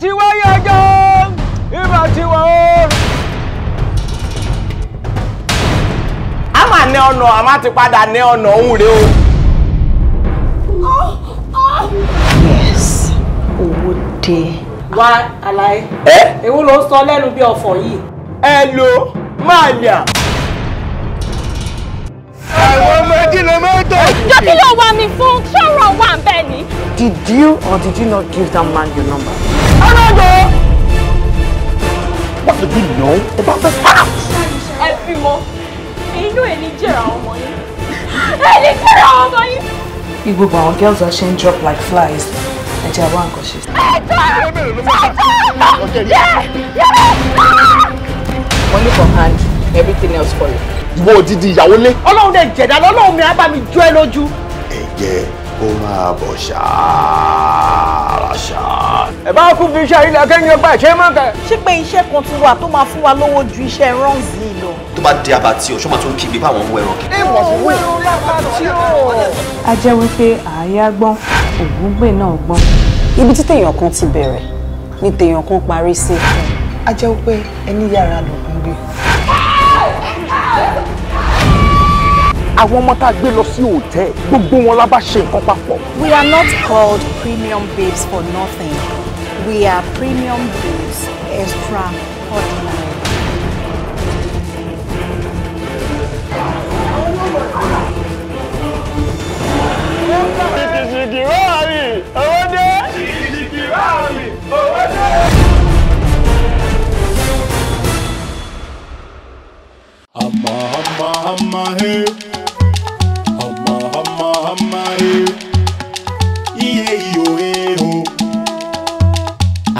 ti wáyé ọjọ́ ibà ti wà ó. a máa ní ọ̀nà a máa ti padà ní ọ̀nà òun rèé o. yes owó dé. wá ẹ sọ lẹnu bí ọfọ yìí. ẹ lo máa yà. àwọn ọmọdé ló máa ń tọ́. ẹjọ́ kí ló wà mí fún ṣọ́rọ̀ wà bẹ́ẹ̀ ni. Did you or did you not give that man your number? ọlọ́dọ̀. What do you know about this house? ẹ fi mọ inú ẹ ní jẹrà ọmọ yín ẹ ní jẹrà ọmọ yín. ìgbogbo àwọn girls are ṣe drop like flies ẹ̀jẹ̀ àwọn nǹkan ṣe. ẹ̀jọ̀ ẹ̀jọ̀ ẹ̀jọ̀ yẹ́ yẹ́. Money for hand, everything else for you ìwọ òdìdí ìyàwó lé. ọlọ́run dẹ̀ jẹ̀dá lọ́lọ́run mi á bá mi jó ẹ lójú. ẹ jẹ́ kó máa bọ̀ ṣáàṣà. ẹ bá kú fi iṣẹ́ ilé akẹ́yìn ọgbà ìṣe máa ń kẹ́. ṣé pé iṣẹ́ kan ti wà tó máa fún wa lówó ju iṣẹ́ ránzì lọ. tó bá di abatí o ṣọ́mà tó ń kígbe báwọn ọmọ ẹran kí. ẹ wọ̀ fún wẹ̀ abatí o. a jẹ́ wípé àáyá gbọ́n ògúngbè náà gbọ́n. ibi tí tèèyàn kan ti bẹ̀rẹ̀ ni tèèyàn kan parí sí. a jẹ́ wípé ẹni yára lògùn gbé. àwọn ọmọ tá a gbé lọ sí òtẹ́ gbogbo wọn la ṣe nǹkan papọ̀. we are not called premium babes for nothing we are premium babes extraordinary. ìkìsìkì ráàrì owó dé. ìkìsìkì ráàrì owó dé. Amma, amma, amma, hey.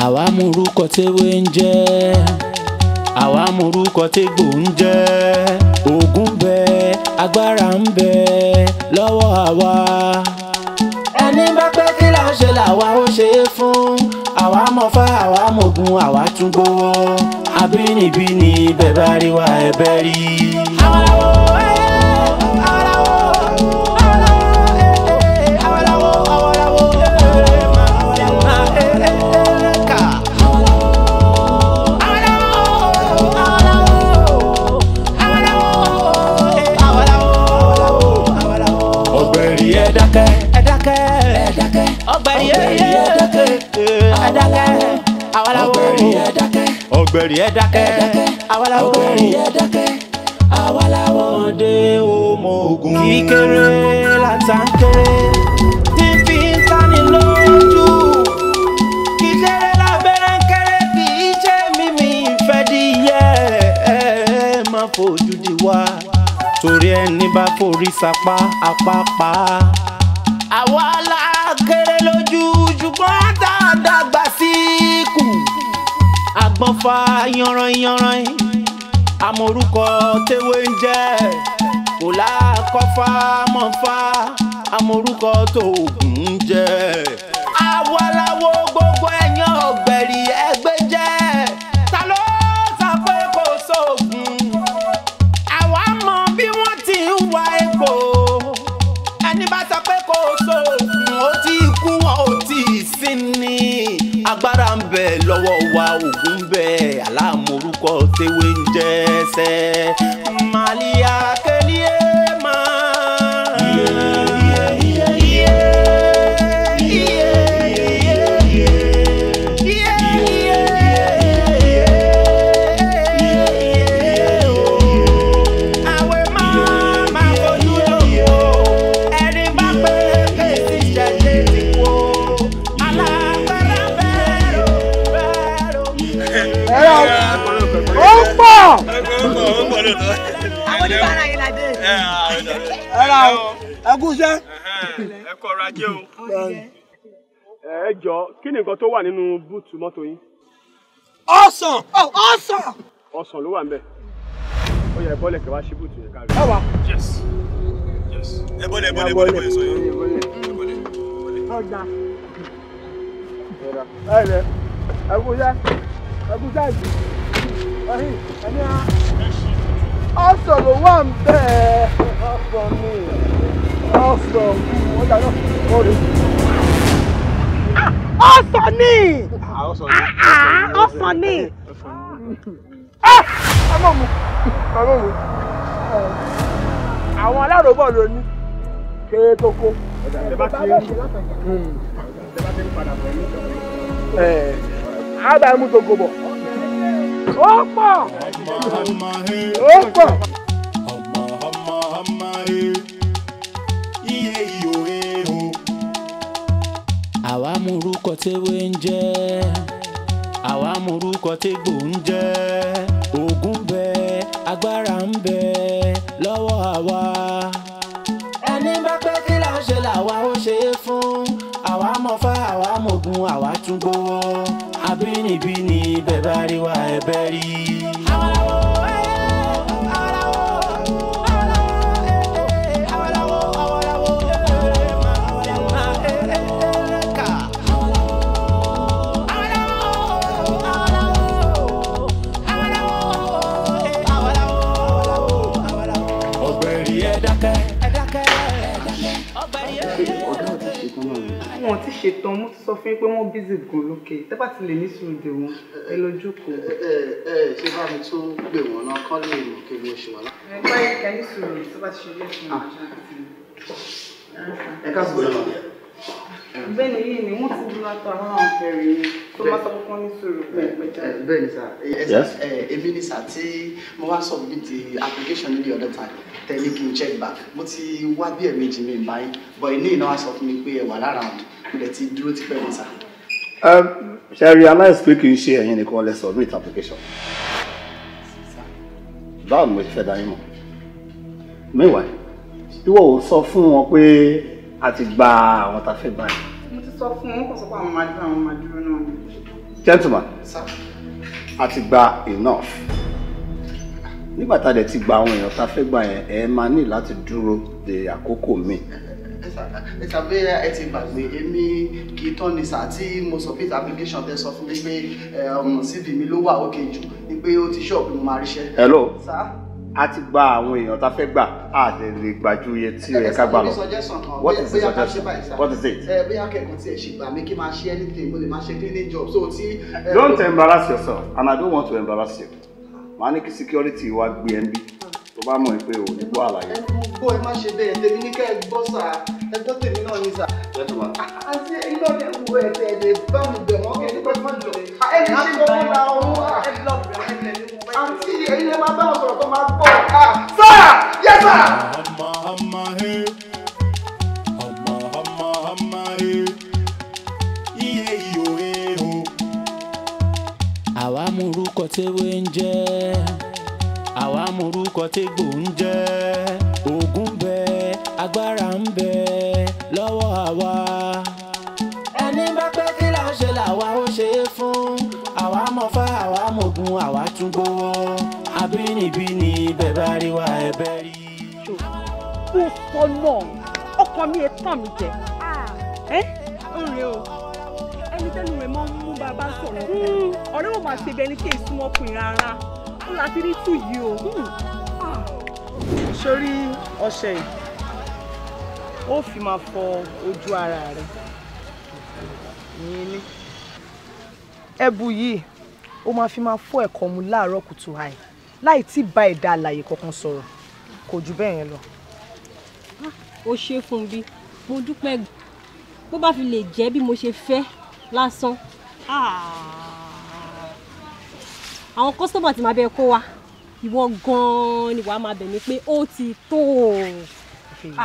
àwa morúkọ tẹ́wé ń jẹ́ àwa morúkọ tẹ́gbò ń jẹ́ ògùn bẹ agbára ń bẹ lọ́wọ́ àwa. ẹni bá pẹ́ kí là ń ṣe làwa ó ṣe é fún àwa mọ̀fá àwa mọ̀gùn àwa tún gbowó àbínibí ni bẹ́ẹ̀ wa ẹ̀bẹ̀ rí i. ọ̀gbẹ̀rì ẹ̀ dákẹ́ àdákẹ́ àwàláwo ọ̀gbẹ̀rì ẹ̀ dákẹ́ àwàláwo ọ̀gbẹ̀rì ẹ̀ dákẹ́ àwàláwo ọ̀dẹ ọmọ ogun kíkéré látàkéré tí fi ń tani lójú kíkéré lábẹ́rẹ́ kéré kì í ṣe mímí ìfẹ́ díẹ̀ ẹ ẹ má fojú di wá torí ẹni bá forí sapá apá pa àwa la dàgbà sí ikù àgbọ̀nfà yanranyanran àmọ̀rúkọ tewé ń jẹ́ kò láàkọ́fà mọ̀fà àmọ̀rúkọ tòògùn ń jẹ́. awolawo gbogbo ẹ̀yàn ọ̀gbẹ̀rì ẹgbẹ́ jẹ́ ta ló sọ pé kò sóògùn àwa mọ bí wọ́n ti ń wa epo ẹni bá sọ pé kò sóògùn ó ti agbára ń bẹ lọ́wọ́ wa ògùn bẹ aláàmú orúkọ tewé ń jẹ́ ẹsẹ̀ màlíà kẹ́. lóòótọ́. àwọn oníbàárà yìí la dé. ẹ ra o ẹ kú iṣẹ́. ẹ kọ ọrọ̀ ajé o. ẹ jọ kí ni nǹkan tó wà nínú búùtù mọ́tò yín. ọsàn ọsàn. ọsàn ló wà ń bẹ̀. ó yẹ bọ́lẹ̀ kí wàá búùtù yẹn kárí. ẹ yes yes. ẹ bọ́lẹ̀ ẹ sọ yẹn. ẹ bọ́lẹ̀ ọjà. ẹ lẹ ẹ kú iṣẹ́ ẹ kú iṣẹ́ àgbẹ̀ ọ̀sán ló wà ń Awesome ọ̀sán mi awesome wọ́n dáná ọ̀rẹ́ ọ̀sán ni ọ̀sán ni ọmọ mi ọmọ mi àwọn aláròbọ̀ ló ní kéré kókó. Àbá hmm. mú tó kó bọ̀ ó pọ̀ ó pọ̀. àwa morúkọ tẹ́wé ń jẹ́ àwa morúkọ tẹ́gbò ń jẹ́ ògùn bẹ agbára ń bẹ lọ́wọ́ àwa. ẹni bá pẹ́ kí là ń ṣe làwa ó ṣe é fún àwa mọ̀fá àwa mọ̀gùn àwa tún gbówó abínibí ni bẹ́ẹ̀ bá rí wa ẹ bẹ́ẹ̀ rí. àwọn wọn ti ṣetán mo ti sọ fún yín pé wọ́n bízì gan lókè tẹ́pà ti lè ní sùúrù dè wọ́n ẹ lọ jókòó. ẹ ẹ ṣé bá mi tó gbè wọn náà kán lè mọ kí mo ṣe wà lá. ẹ báyìí kẹ́ ní sùúrù tó bá ti ṣe bí ẹ ṣe ń bá ṣáà ẹ ká sùúrù bẹ́ẹ̀ni yìí ni wọ́n ti dúró látọ̀ àwọn àǹfẹ̀rẹ̀ yìí tó bá sọ fún ní sùúrù pẹ̀lú. bẹ́ẹ̀ni sà èmi ni sà tí mo wá submit the application ní the other time tẹ́lẹ̀ kí n check back mo ti wá bí ẹ̀ẹ̀mejì mi báyìí but ìní ìná wa sọ fún mi pé ẹ wà lára àwọn mo dẹ̀ ti dúró tipẹ́ mi sà. Um, ṣe realize pé kì í ṣe ẹ̀yin nìkan lè submit application báwo ni mo ti fẹ́ dá yín mọ̀ meanwhile ìwọ ò sọ fún wọn pé a ti gba àwọn tá a fẹ́ gbà sọ fún wọn kò sọ pé àwọn máa dúró àwọn máa dúró náà ni. gentleman a ti gba enough nígbà tá a dẹ̀ ti gba àwọn èèyàn tá a fẹ́ gbà yẹn ẹ máa ní láti dúró de àkókò mi. ẹ tàbí ẹ ti gbàgbé èmi kì í tán ni sà tí mo submit application tẹ sọ fún mi pé CV mi ló wà òkè jù ni pé ó ti ṣọ́ọ̀bù mo máa ríṣẹ́. hello. sir a ti gba àwọn èèyàn tá fẹ́ gbà á lè lè gbàjú iye tí ó ká gbà lọ. what is the suggestion what is it. ẹ bóyá kẹ̀kọ́ tí ẹ ṣe gbà mí kí n máa ṣe anything mo lè máa ṣe cleaning job so ti. don't embarrass yourself and i don't want to embarrass you. màá ní kí security wa gbé ẹ níbí tó bá mọ̀ pé o ní gbọ́ àlàyé. kó ẹ má ṣe bẹ́ẹ̀ tèmi ní ká ẹ gbọ́ sà ẹ gbọ́ tèmi náà ní sà. àti iná ní ìwé ẹ̀ tẹ̀ lè bá mi bẹ̀ wọ́n kẹ́ ẹ ní pẹ́ fún mi. ẹ ní ṣe gbọ́ àǹtí ẹ̀yin lè máa bá wọn sọ̀rọ̀ tó máa gbọ́ sáà yẹ sáà. àwa morúkọ tẹ́wé ń jẹ́ àwa morúkọ tẹ́gbò ń jẹ́ ògùn bẹ la ṣe làwa ó mọ̀fá àwa mọ̀gùn àwa tún gbówó abínibí ni bẹ̀bá rí wa ẹ̀bẹ̀ rí. ó sọ náà ọkọ mi ẹ tàn mí jẹ ẹ ń rè o ẹni tẹnu rẹ máa ń mú bàbá sọ̀rọ̀ hmm. ọ̀rẹ́ wọn máa ṣe bẹ ní kí èsì mọ́ pin rárá ó la rí tù yìí o. Hmm. sórí ọṣẹ yìí ó fi máa fọ ojú ara rẹ ní ilé ẹ̀bù yìí ó máa fi máa fọ́ ẹ̀kọ́ mu láàárọ̀ kùtù àì láì tí bá ẹ̀dá àlàyé kankan sọ̀rọ̀ kò jù bẹ́ẹ̀ yẹn lọ. Ah, ó ṣe fún bí mo dúpẹ́ bó bá fi lè jẹ́ bí mo ṣe fẹ́ lásán ah. àwọn kọ́sítọ́mà tí máa bẹ kó wa ìwọ gan-an ni wàá máa bẹ̀ mí pé ó ti tó o.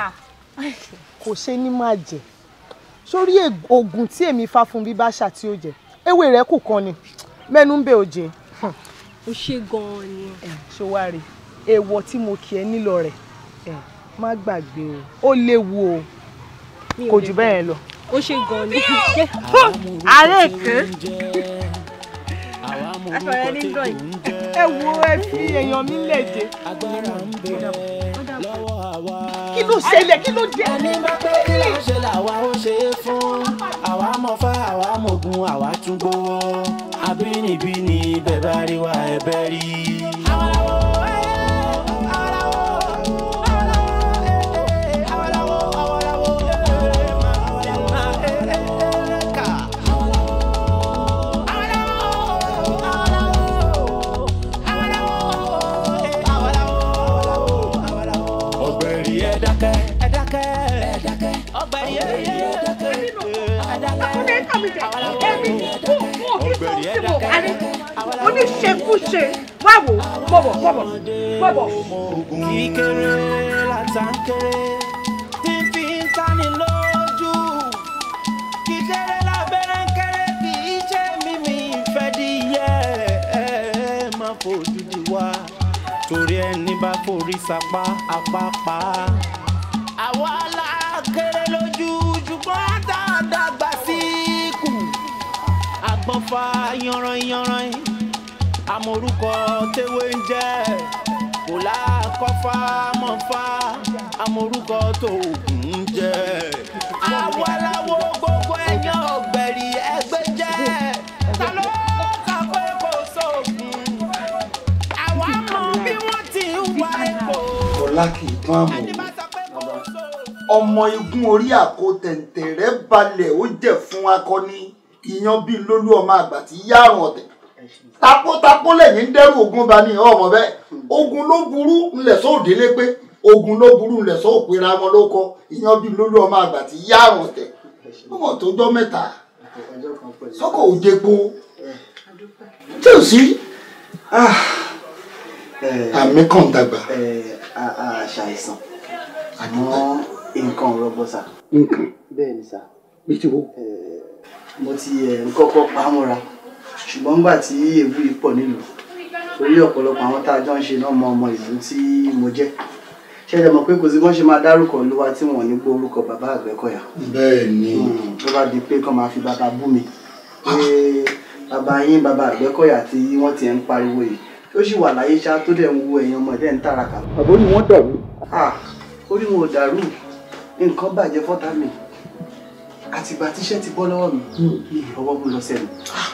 Ah. kò ṣe ní máa jẹ sórí e-, oògùn tí èmi fa fún bí bá ṣàtì ewé rẹ kù kan ni mẹ́nu ń bẹ òjé. ó ṣe gan-an ni. ṣé wàá tí mo kì í nílò rẹ̀ má gbàgbé o ó léwu o kò jù bẹ́ẹ̀ lọ. ó ṣe gan-an ni. àárẹ̀ kan àtọ̀rẹ́ ní dọ̀ yìí. ẹ wo ẹ fi èèyàn mi lẹ́jẹ̀. agbára ń bẹ lọ́wọ́ àwa. kí ló ṣẹlẹ̀ kí ló dé. ẹni bá pé kí ló ṣe làwa ó ṣe é fún. àwa mọ̀ fá àwa mọ̀ gun àwa tún gbówó bínibíni bẹ́ẹ̀ bá rí wa ẹ bẹ́ẹ̀ awalawo, àwọn làwọn. Adákẹ́. Ọgbẹ̀rì ẹ̀yẹ. Ẹ̀dákẹ́. awalawo, Ẹ̀dákẹ́ tí mo parí oníṣekúṣe wá wò bọ̀bọ̀ bọ̀bọ̀ bọ̀bọ̀. kíkéré látàkéré tí n fi ń sáni lójú kíkéré lábẹ́rẹ́ kéré kì í ṣe torí ẹni bá forí sapá apá àwa la kéré lójú ṣùgbọ́n dáadáa fa yanran yanran amorúkọ tewé ń jẹ́ kò lákọ́fà mọ́ fa amorúkọ tó ògùn ń jẹ́. àwọn aláwo gbogbo ẹ̀yàn ọ̀gbẹ̀rì ẹgbẹ́ jẹ́ ta ló kà pé kò sóògùn àwa mọ bí wọ́n ti ń wa epo. ọ̀la kì í tán àmọ̀ ọmọ igun orí àkótẹ̀ǹtẹ̀rẹ́ balẹ̀ ó jẹ́ fún akọni ìyan bíi lólú ọmọ àgbà tí yá àrùn ọ̀tẹ̀ takótakó lẹ́yìn ń dẹ́rù ogun bá ní ọmọ bẹ́ẹ̀ hmm. ogun ló burú ńlẹ̀ sọ òdélé pé ogun ló burú ńlẹ̀ sọ òpera wọn ló kọ ìyan bíi lólú ọmọ àgbà tí yá àrùn ọ̀tẹ̀ ọmọ tó jọ mẹ́ta sọ́kò òdepo tí ò sí ah. àmì kan dàgbà. àṣàìsàn àmọ́ nǹkan rọgbọ sá. nǹkan bẹ́ẹ̀ ni sá. bí ti wo mo ti ẹ̀ eh, ń kọ́kọ́ pa á mọ́ra ṣùgbọ́n nígbà tí èébú yìí pọ̀ nílùú torí ọ̀pọ̀lọpọ̀ àwọn tá a jọ ń ṣe náà mọ ọmọ ìlú tí mo jẹ́ ṣẹlẹ̀ mọ̀ pé kò sí wọ́n ṣe máa dárúkọ olúwa tí wọ́n ní gbọ́ orúkọ bàbá àgbẹ̀kọ̀yà. bẹ́ẹ̀ ni. Hmm, tó bá di pé kán máa fi bàbá bú mi pé bàbá yín bàbá àgbẹ̀kọ̀yà tí wọ́n ti ń pariwo yìí ó sì wà láyé ṣá tó dẹ̀ ń wo ẹ̀yìn ọmọ ẹ̀dẹ̀ ń tàràkà. àbórí wọn dàrú. orí wọn ò dàrú nǹkan bàjẹ́ fọ́tà mi àtìgbà tíṣẹ́ ti bọ́ lọ́wọ́ mi mi ìrọwọ́ mú lọ sẹ́nu ah,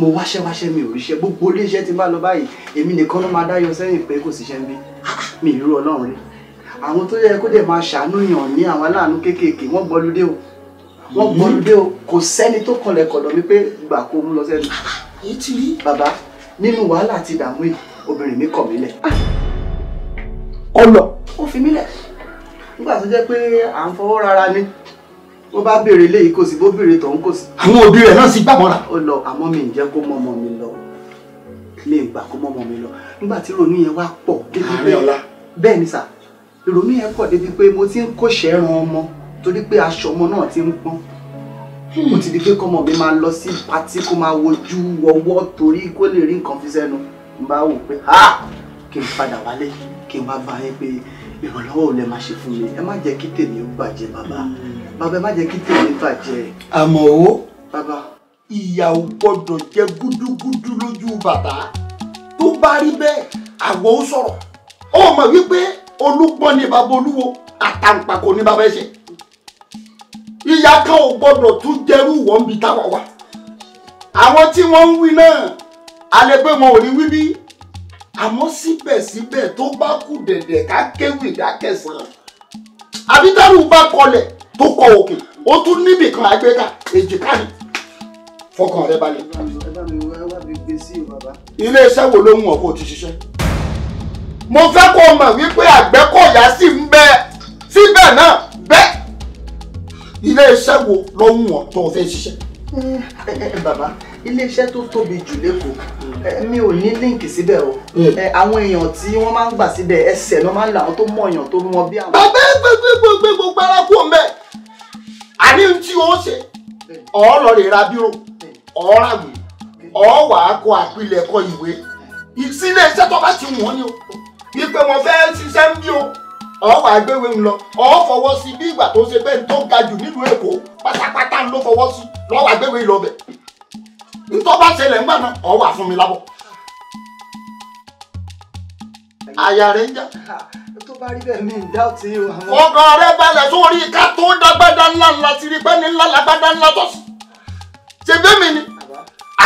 mo wáṣẹ́ wáṣẹ́ mi ò ríṣẹ́ gbogbo iléeṣẹ́ ti bá lọ báyìí èmi nìkan ló máa dáyọ sẹ́yìn pé kò síṣẹ́ ń bí mi ìrú ọlọ́run rí àwọn tó yẹ kó dẹ̀ máa ṣàánú yàn ní àwọn aláàánú kéékèèké wọ́n gbọ́lúdé o wọ́n gbọ́lúdé o kò sẹ́ni tó kọlẹ̀ kọ̀dọ̀ mi pé gbà kó mú lọ sẹ́nu ah, bàbá nínú wàhálà àti ìdààmú obìnrin mi kọ̀ mí lẹ̀ ọlọ ah. ó fi mí lẹ̀ nígbà tó jẹ́ pé à ń fọwọ́ rárá ni bó bá béèrè léyìí kò sí bó béèrè tọ̀hún kò sí. àwọn òbí rẹ̀ náà sì gbà mọ́ra. ó lọ àmọ́ mi ǹjẹ́ kó mọ ọmọ mi lọ mi ì gbà kó mọ ọmọ mi lọ nígbà tí ìrònú yẹn wá pọ̀ débi pé bẹ́ẹ̀ ni sà ìrònú yẹn pọ̀ débi pé mo ti ń kó ṣẹ́ran ọmọ torí pé aṣọ ọmọ náà ti ń pọ́n ó ti di pé kọ́mọ mi máa lọ sí patí kó máa wojú ọwọ́ torí kó lè rí nǹkan fi sẹ́nu n bá wò pé ha kí n padà wálé kí n wá bá yín pé ìrànlọ́wọ́ ò lè máa ṣe fún mi ẹ má jẹ́ kí tèmi ó bàjẹ́ bàbá bàbá ẹ má jẹ́ kí tèmi bàjẹ́. àmọ́ o bàbá ìyàwó gbọ́dọ̀ jẹ́ gúdúgúdú lójú bàbá tó bá rí bẹ́ẹ̀ àwọ̀ ó sọ̀rọ̀ ó mọ̀ wípé olúpọ̀ ni bàbá olúwo àtàǹpàkò ni bàbá ẹsẹ̀ ìyá kan ò gbọ́dọ̀ tún jẹ́rú wọ́n bí táwọn wà àwọn tí wọ́n ń wí náà alẹ́ pé wọn ò ní wí bí àmọ́ síbẹ̀síbẹ̀ tó bá kù dẹ̀dẹ̀ ká kéwì dákẹ̀sán àbí táwọn bá kọlẹ̀ tó kọ òkè ó tún níbì kan àgbékà èjìká ni fọkàn rẹ balẹ̀. iléeṣẹ́ wo ló ń wọ̀ kó o ti ṣiṣẹ́. mo fẹ́ kó o mọ̀ wípé àgbẹ̀kọ̀yà sì ń bẹ síbẹ̀ náà bẹ́ẹ̀ iléeṣẹ́ wo ló ń wọ̀ tó o fẹ́ ṣiṣẹ́. bàbá iléeṣẹ́ tó tóbi jù lẹ́kọ̀ọ́ mi ò ní líǹkì síbẹ̀ o hmm. àwọn èèyàn tí wọ́n máa ń gbà síbẹ̀ ẹsẹ̀ ló máa ń lò àwọn tó mọ èèyàn tó mú wọn bí àwọn. bàbá gbẹgbẹgbẹgbẹ gbogbo ara kú ọmọ ẹ àní tí o ṣe hmm. ọ lọ rè ra bírò ọ rà gbé ọ wà á kọ àpilẹ̀kọ ìwé hmm. ìsílẹ̀ iṣẹ́ tó bá ti wọ́n ni o wípé wọ́n fẹ́ ṣiṣẹ́ ń bí o ọ wà gbéwé ń lọ ọ fọwọ́ sí bí ìgbà tó ṣe bẹ́ẹ̀ tó ga jù nílùú èkó pátápátá ló fọwọ́ sí lọ́wọ́ àgbéwé ìlọbẹ̀ ntọ́ bá ṣẹlẹ̀ ńgbà náà ọ wà fún mi lábọ̀. àyà rẹ̀ ń já. tó bá rí bẹ́ẹ̀ mi ń dá ọtí o. ọkàn rẹ balẹ̀ sórí ká tó dágbádá ńlá ńlá tiri pẹ́ ní ńlá lágbádá ńlá tó sì. ṣègbè mi ni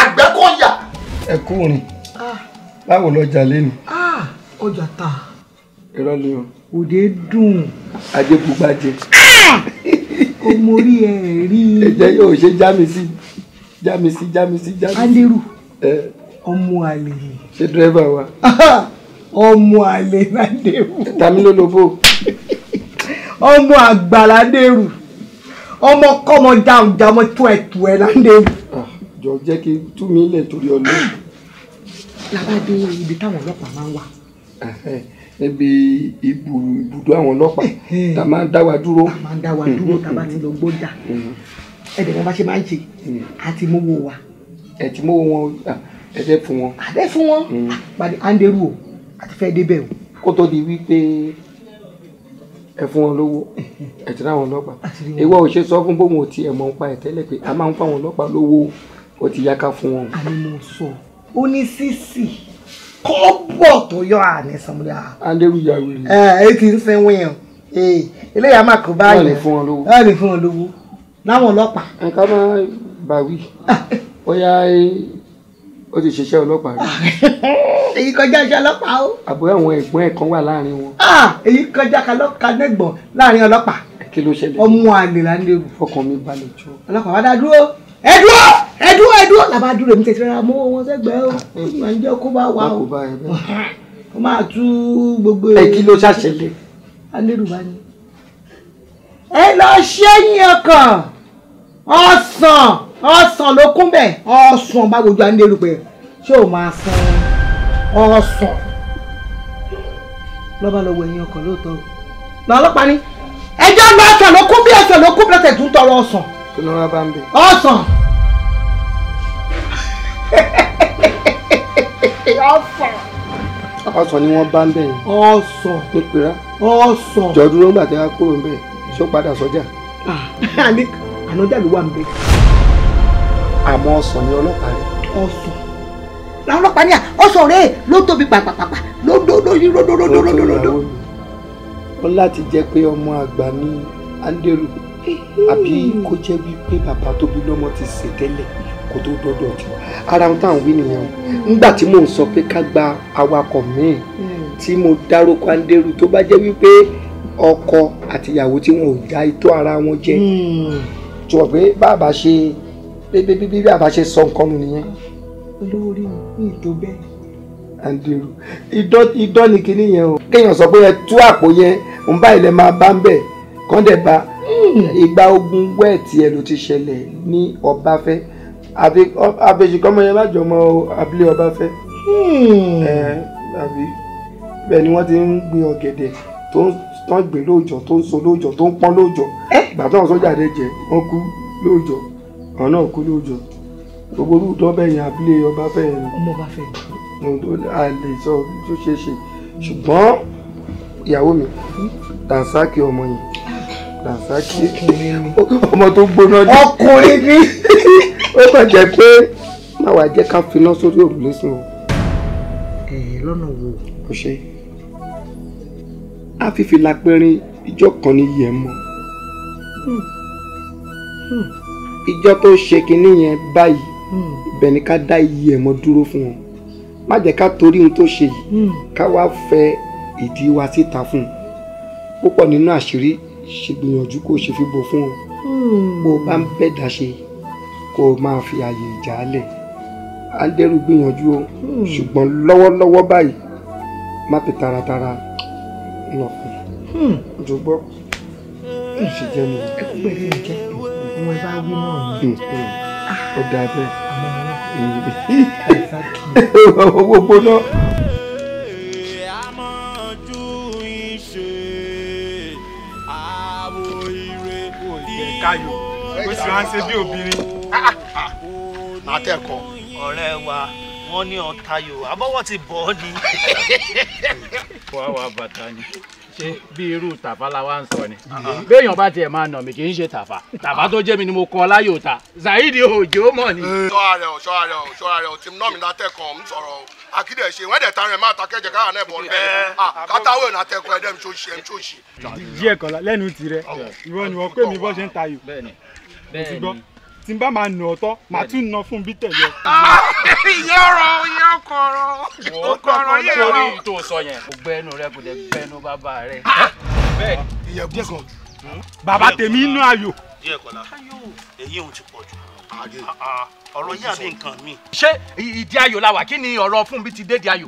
àgbẹ̀kọ̀yà. ẹ kú orin báwo lọjà lẹ́nu. ọjà tà. irọ́ ni o. òde dùn. ajé gbogbo ajé. o mo rí ẹ rí. yóò ṣe já mi sí jámísí jámísí jámísí. alérù ọmọ àlè ni. ṣé dírẹ́fà wa. ọmọ àlè ládèrú. tàmí ló lọ bò. ọmọ àgbà ládèrú ọmọ kọ́mọ dáhùn dáhùn tó ẹ̀ tó ẹ̀ ládèrú. jọ jẹ́ kí tú mi lẹ̀ torí ọ lóyún. làbá dé ibi táwọn ọlọ́pàá máa ń wà. ẹbí ibùdó àwọn ọlọ́pàá tá a máa ń dá wa dúró. a máa ń dá wa dúró tá a bá ti lọ gbọ́dà. Mm-hmm ẹ̀dẹ̀ bá ṣe máa ń ṣe àti hmm. mówó wa. ẹ ti mówó wọn ẹ fẹ́ fún wọn. àdẹ fún wọn pàdé hmm. anderu o àti fẹ́ débẹ̀ o. kó tó di wípé ẹ fún wọn lówó ẹ ti ráwọn ọlọ́pàá ìwọ ò ṣe sọ fún bóun ò tiẹ̀ mọ̀ nípa ẹ̀ tẹ́lẹ̀ pé a máa ń fáwọn ọlọ́pàá lówó ó ti yáká fún wọn. àní mo sọ ó ní sísì kọ́bọ̀ tó yọ àní sọmúlẹ̀ à. anderu yàwé. ẹ ẹ ti ń sẹ́wọ̀n yẹn o eléyàá má kó báyìí. wọ́n lè fún wọ́n lè fún wọn lówó láwọn ọlọ́pàá. ẹ ká má bà wí bóyá ó ti ṣiṣẹ́ ọlọ́pàá rí. èyí kọjá iṣẹ́ ọlọ́pàá o. àbúrò àwọn ẹ̀gbọ́n ẹ̀ kan wà láàrin wọn. èyí kọjá kanẹ́gbọ̀n láàrin ọlọ́pàá. kí ló ṣẹlẹ̀. ọmọ àlè là ń lè fọkàn mi balẹ̀ jù. ọlọ́pàá wá dá dúró ẹ dúró ẹ dúró ẹ dúró làbá dúró èmi tètè rárá mọ́wọ́ wọn sẹ́gbẹ̀ẹ́ o ìgbà ń jẹ́ kó bá wà o. ó máa tú gbogbo. ẹ kí ló ṣàṣẹlẹ̀. alẹ́ rù ẹ lọ ṣẹ́yìn ọkàn ọsàn ọsàn ló kún bẹ́ẹ̀ ọsàn bá gbogbo àní lérò pé ṣé o máa san ọsàn lọ́ba lọ́wọ́ ẹ̀yìn ọkọ̀ lóòótọ́ o lọ ọlọ́pàá ni ẹjọ́ ń lọ ọsàn ló kún bí ọsàn ló kún pẹ̀lẹ́tẹ̀ tún tọrọ ọsàn. kí ló wá bá ń bẹ. ọsàn ọsàn. ni wọ́n bá ń bẹ̀ yẹn. ọsàn. nípìnlẹ̀. ọsàn. jọ̀dúró ńgbà tí wọ́n kúrò ń bẹ̀ ṣó padà sọ́jà. Ah, àníkàn ànájà ló wà ń bẹ. àmọ́ ọsàn ni ọlọ́pàá rẹ̀. ọsàn làwọn ọlọ́pàá ní à ọsàn rẹ̀ ló tóbi pàpàpàpà ló dó lórí ródódódódódó. ó láti jẹ́ pé ọmọ àgbà ní andrew àbí kó jẹ́ wípé bàbá tó bí lọ́mọ ti ṣe tẹ́lẹ̀ kó tó dọ́dọ̀ tí ara ohun táwọn wí nìyẹn nígbà tí mò ń sọ pé ká gba awakọ̀ míì tí mo dárúkọ andrew tó bá jẹ́ wípé ọkọ àtìyàwó tí wọn ò já itó ara wọn jẹ. Hmm ṣùgbọ́n pé bàbá ṣe bí bàbá ṣe sọ nǹkan nù nìyẹn. olówó orí mi ìdó bẹ́ẹ̀. àǹdèrò idán ni kinní yẹn o. kéèyàn sọ pé ẹ tú àpò yẹn ń bá ilẹ̀ máa bá ń bẹ̀ kán dẹ̀ bá ìgbà ogun wẹ́ẹ̀tì ẹ̀ ló ti ṣẹlẹ̀ ní ọbáfẹ́ àfi àfẹsìkọ́mọ yẹn má jọmọ abúlé ọbáfẹ́ hmm. àbí bẹ́ẹ̀ ni wọ́n ti ń gbin ọ̀gẹ̀dẹ̀ tó ń tán gbé lóòjọ́ tó ń so lóòjọ́ tó ń pọ́n lóòjọ́ ìgbà táwọn sọ́jà dé jẹ wọ́n kú lóòjọ́ àwọn náà kú lóòjọ́ gbogbo olùdó bẹ́yìn abúlé ọba fẹ́yìn ọmọ ọba fẹ́yìn a lè sọ tó ṣe é ṣe ṣùgbọ́n ìyàwó mi dànsákì ọmọ yìí dànsákì ọmọ tó gbóná jù ọkùnrin ni ó kàn jẹ́ pé má wàá jẹ́ ká finá sórí òrùlé sí wọn. ẹ lọ́nà wo. kò ṣe àfìfì lápẹ́rín ìjọ kan ní yẹ mọ́ ìjọ tó ṣe kinní yẹn báyìí ibẹ̀ ni ká dá iyì ẹ̀ mọ́ dúró fún wọn má jẹ́ ká torí ohun tó ṣe yìí ká wá fẹ ìdí wa síta fún un púpọ̀ nínú àṣírí ṣègbìyànjú kó ṣe fi bò fún wọn bó o bá ń bẹ̀dà ṣe kó o máa fi àyè ìjà lẹ̀ á dẹ́rù gbìyànjú o ṣùgbọ́n lọ́wọ́lọ́wọ́ báyìí má fi taratara lọ́kùn hmm, ojú gbọ́ kí n ṣe jẹ́ mi. ẹ kú pẹ̀lú ìjẹ́ òun ẹ bá wí náà ni. Hmm, hmm. ó dáa bẹ́ẹ̀. owó gbogbo náà. káyọ̀ ó sì wá ń ṣe bí obìnrin. Ah, ah. màá tẹ̀ kọ́. ọ̀rẹ́ wa wọ́n ní ọ̀tayò àbọ̀wọ̀ ti bọ̀ ọ́ ni. wàá wàá bàtà ni ṣe bí irú tàfà la wá ń sọ ni ah, ah. béèyàn bá tiẹ̀ máa nà mí kì í ṣe tàfà tàfà tó jẹ́ mi ni mo kọ́ láyò ta Zaidi òjò mọ̀ ni. ṣọ́ra rẹ̀ ò ṣọ́ra rẹ̀ ò ṣọ́ra rẹ̀ ò tí nọ́ọ̀mì látẹ̀kọ̀ ń sọ̀rọ̀ o akíndé ṣe wọ́n dẹ̀ ta rẹ̀ máa ta kẹ́jẹ̀ káyà náà bọ̀ bẹ́ẹ̀ ah, kátàwé látẹ̀kọ̀ ẹ̀dẹ̀ mi ṣòṣì ẹ̀ mi ṣòṣì. díẹ̀ kọ́lá lẹ́nu tirẹ̀ ìwọ ni wọ́n pè mí bọ́ ṣe ń tayò. bẹ́ẹ̀ ni bẹ́ẹ̀ ni tí n bá máa nà ọ́tọ́ màá tún nà fún bí tẹ̀lé. Ah, ìyá ọ̀rọ̀ ìyá ọkọ̀ ọ̀rọ̀ ọkọ̀ ọ̀rọ̀ yẹn lọ. torí tó sọ yẹn kò gbẹ́nu rẹ kò dẹ̀ gbẹ́nu bàbá rẹ. Ah, ah. bẹ́ẹ̀ ìyẹn kò sọ jù. Hmm? bàbá tèmi inú ayò. díẹ̀ kọ́lá èyí òun ti pọ̀ jù ọ̀rọ̀ yìí àbí nǹkan mi. ṣé ìdí ayò la wà kí ni ọ̀rọ̀ Fúnbí ti dé di ayò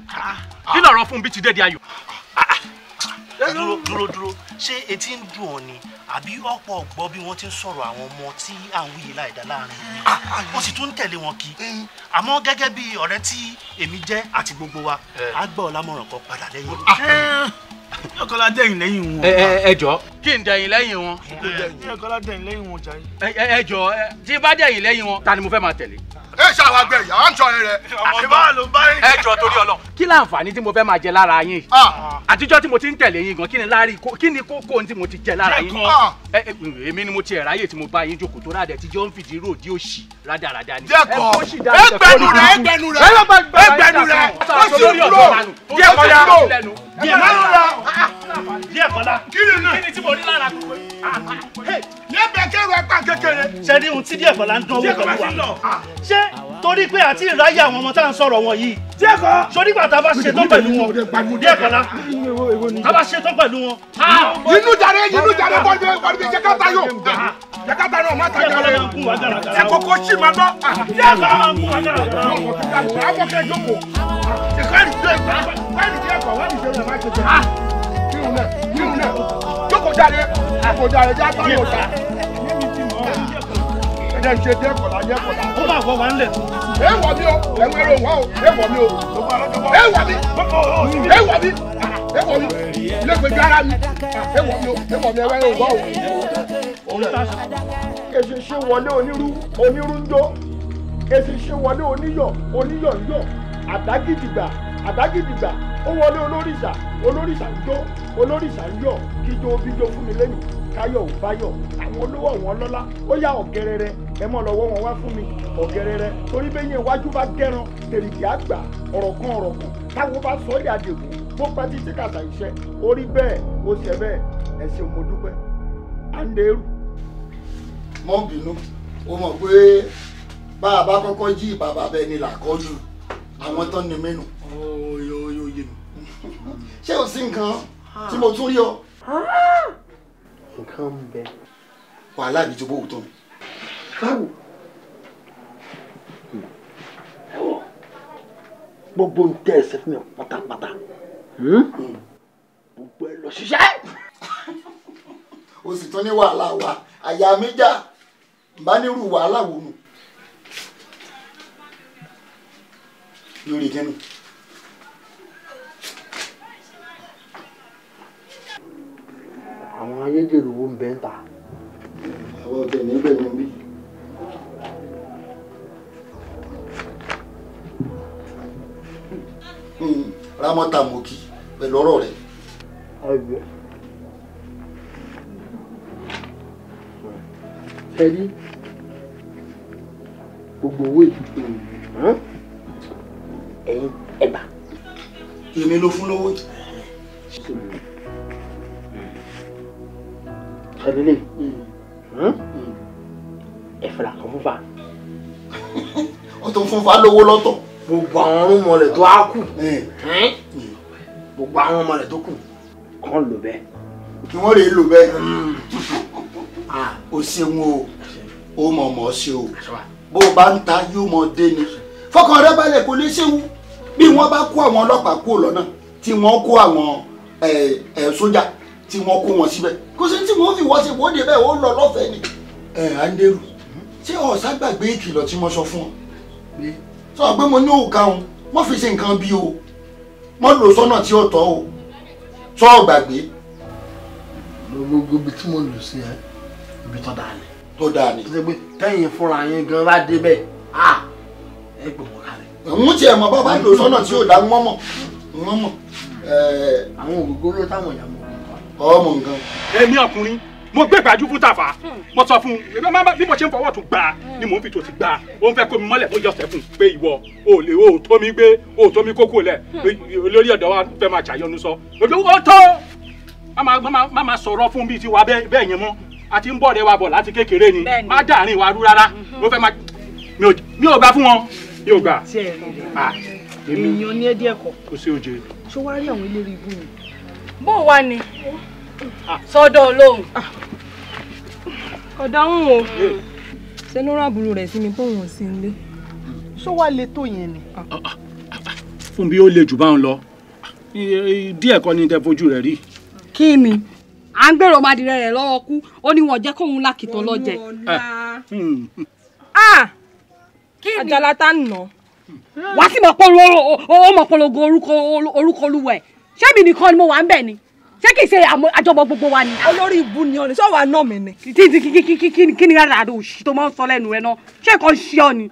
kí ni ọ̀rọ̀ Fúnbí ti dé di ayò. dúró dúró dúró ṣé etí ń dùn ọ ni àbí ọ̀pọ̀ ọ̀gbọ́ bí wọ́n ti ń sọ̀rọ̀ àwọn ọmọ tí à ń wuyì láìda láàrin yìí ó ah, ah, sì tún ń tẹ̀lé wọn kí àmọ́ gẹ́gẹ́ bí ọ̀rẹ́ tí èmi jẹ́ àti gbogbo wa á gbọ́ ọ lámọ̀ràn kan padà lẹ́yìn. Ah yọkọlá dẹ̀yìn lẹ́yìn wọn. ẹ ẹ ẹ jọ. kí n dẹ̀yìn lẹ́yìn wọn. yọkọlá dẹ̀yìn lẹ́yìn wọn jàre. ẹ ẹ jọ tí bá dẹ̀yìn lẹ́yìn wọn ta ni mo fẹ́ máa tẹ̀lé. ẹ ṣàwọn àgbẹ̀ yìí àwọn ń sọ rẹ. àṣìbá ló ń bá yín. ẹ jọ torí ọlọ. kí láǹfààní tí mo fẹ́ máa jẹ lára yín. àtijọ́ tí mo ti ń tẹ̀lé yín gan kí ni láàrí kí ni kókó tí mo ti jẹ lára yín. èmi ni mo ti ẹ̀ráyè tí mo bá yín jókòó tó rádẹ tíjọ́ ń fìdí ròdì òṣì rádaràda ni. jẹ́kọ̀ọ́ ẹgbẹ́nu rẹ̀ ẹgbẹ́nu rẹ̀ ẹgbẹ́nu rẹ̀ ó sì ń lò ó sì ń lò ó díẹ̀ kọ́lá kí ni tí mo rí lára gbogbo lẹ́bẹ̀ẹ́ kẹ́rù apá kékeré. ṣe ní ohun tí díẹ̀ kọ́lá ń dánwò pẹ̀lú wa ṣé torí pé àti ìráyè àwọn ọmọ tá à ń sọ̀rọ̀ wọn yìí díẹ̀ kọ́ sórí ìgbà tá a bá ṣetán pẹ̀lú wọn díẹ̀ kọ́lá tá a bá ṣetán pẹ̀lú wọn. inú jàre inú jàre bọ́ọ̀lù bẹ́ẹ̀ wọ́n bẹ́ẹ̀ jẹ́ká tayọ jẹ́ká tayọ ọmọ àtàkà rẹ̀ ẹ kókó sí ma lọ. díẹ̀ kọ́ àwọn kẹ́kẹ́ jókòó ìkọ́ni díẹ̀ kọ́ wọ́n ti díẹ̀ kọ́ wọ́n ti díẹ̀ kọ́ nínú náà nínú náà jókòó jáde jókòó jáde já bá yóò ta. ẹ̀dẹ̀ ń ṣe dé kọ̀lá jẹ́ kọ̀lá. ó máa wọ wa nílẹ̀. ẹ wọ mi o ẹ wọ ẹrọ wa o ẹ wọ mi o ẹ wọ mi ẹ wọ mi ẹ wọ mi ilé ìgbẹ́jọ́ ara mi ẹ wọ mi o ẹ wọ mi ẹ wọ ẹrọ wa o. èsì ṣe wọlé onírú onírú ń jó èsì ṣe wọlé oníyọ̀ oníyọ̀ ń yọ̀ àdágìdìgbà àdágìdìgbà ó wọlé olórìṣà olórìṣà ń jó olórìṣà ń yọ̀ kíjó bíjó fún mi lẹ́yìn káyọ̀ ò báyọ̀ àwọn olówó àwọn ọlọ́lá ó yá ọ̀gẹ́rẹ́rẹ́ ẹ mọ́ lọ́wọ́ wọn wá fún mi ọ̀gẹ́rẹ́rẹ́ torí bẹ́ẹ̀ yẹn iwájú bá gẹ́ran tèrìkì àgbà ọ̀rọ̀ kan ọ̀rọ̀ kan táwọn bá sọ ọ́lẹ̀ àdègùn bó pati tí kàtà iṣẹ́ orí bẹ́ẹ̀ ó ṣe bẹ́ẹ̀ ẹ ṣeun mo dúpẹ́ à ń dẹrù. mọ bínú o mọ̀ pé bá a bá kọ́kọ́ jí bàbá bẹ́ẹ̀ ni làkọ́ àwọn tán ni mẹ́nu ṣé o sí nǹkan ah. tí mo tún rí ọ. Ah. nǹkan ń bẹ. wàhálà mi jọ bóòótọ́ mi. báwo. gbogbo ń tẹ ẹsẹ̀ fún mi pátápátá hmm? Hmm. gbogbo ẹ lọ ṣiṣẹ́. o sì tún ní wàhálà wa àyà mi já bá nírú wàhálà wo nù. lórí kẹ́nu. àwọn ayédèrú owó ń bẹ́ ń ta. àwọn ọ̀tẹ̀ ní ni bí. Hmm, ramọta mọ̀kì pẹ̀lú ọ̀rọ̀ rẹ̀. ẹ gbogbo owó ẹ̀yin ẹ̀bà. èmi ló fún lówó ṣẹlẹ̀ hmm. hmm. ẹ fẹ́ làkàn fún fa. ọ̀tọ̀ fún fa lówó lọ́tọ̀. gbogbo àwọn ọrùn mọ̀lẹ̀ tó á kù hmm. gbogbo àwọn mọ̀lẹ̀ tó kù kàn lò bẹ́ẹ̀. kí wọ́n lè lò bẹ́ẹ̀. o ṣeun o o mọ̀ mọ̀ ṣe o bó o bá ń ta yóò mọ̀ dé ni fọkàn rẹ balẹ̀ kò lè ṣéwu bí wọ́n bá kó àwọn ọlọ́pàá kúrò lọ́nà tí wọ́n kó àwọn sójà tí wọ́n kó wọn síbẹ̀ kò sí tí wọ́n fi wọ́n ṣe wọ́de bẹ́ẹ̀ ó lọ lọ́fẹ̀ẹ́ ni. ẹ à ń dérò ṣé ọ̀sá gbàgbé ìkìlọ̀ tí mo sọ fún ọ sọ pé mo ní òòkà òun mo fi ṣe nǹkan bí o mo lò sọ́nà tí ó tọ́ o sọ ọ gbàgbé. gbogbo ibi tí mo lò sí ẹ ibi tó dáa ni. tó dáa ni. ṣe pé tẹ́yìn fúnra yín gan bá dé bẹ́ẹ̀ á ẹ gbọ̀ngàn kalẹ̀. òun tiẹ̀ mọ̀ bá bá lò sọ́nà tí ò dá wọ́n mọ̀ wọ́n mọ̀. àwọn ògógóró ọmọ nǹkan. èmi ọkùnrin mo gbé ìgbàjú fún tàfà hmm. mo sọ fún un bí mo ṣe ń fọwọ́ tún gbà ni mò ń fi tòsí gbà ó ń fẹ́ kó mi mọ́lẹ̀ tó yọ̀sẹ̀ fún un pé ìwọ ò lè o tó mi gbé o tó mi kókó lẹ̀ hmm. olórí ọ̀dọ́ wa fẹ́ máa ṣàyọnu sọ òjò ó tó má máa sọ̀rọ̀ fún bíi tiwa bẹ́ẹ̀ yẹn mọ́ àti ń bọ̀dẹ̀ wa bọ̀ láti kékeré ni má dàrin wa rú rárá ló hmm. fẹ́ máa mi ò gbà fún wọn mi ò gbà. èèyàn ní ẹ díẹ̀ kọ. kò sí oje. ṣé wàá rí àwọn eléré ibú mi bó wà ní sọ́dọ̀ olóhùn. ọ̀dáhùn o ṣe ló rábùrú rẹ̀ sí mi bóun ò sí ilé. ṣó wàá le tó yẹn ni. Ah. Ah, ah, fún bí ó le jù báwọn lọ díẹ̀ kọ́ ni tẹ fojú rẹ̀ rí. kí ni à ń gbèrò madìrẹ rẹ lọ́wọ́ kú ó ní wọn jẹ́ kóun lákìtàn lọjẹ. àjàlá tá ń nà hmm. wá sí mọ̀pọ̀lọ́ orúkọ olúwẹ̀ ṣé mi nìkan ni mo wà ń bẹ̀ ni ṣé kì í ṣe àjọmọ gbogbo wa ni. olórí ibu ni ọ ni sọ wa náà mi ni. kí ni rárá àdó òṣì tó máa ń sọ lẹ́nu rẹ náà ṣé nǹkan ṣe ọ ni.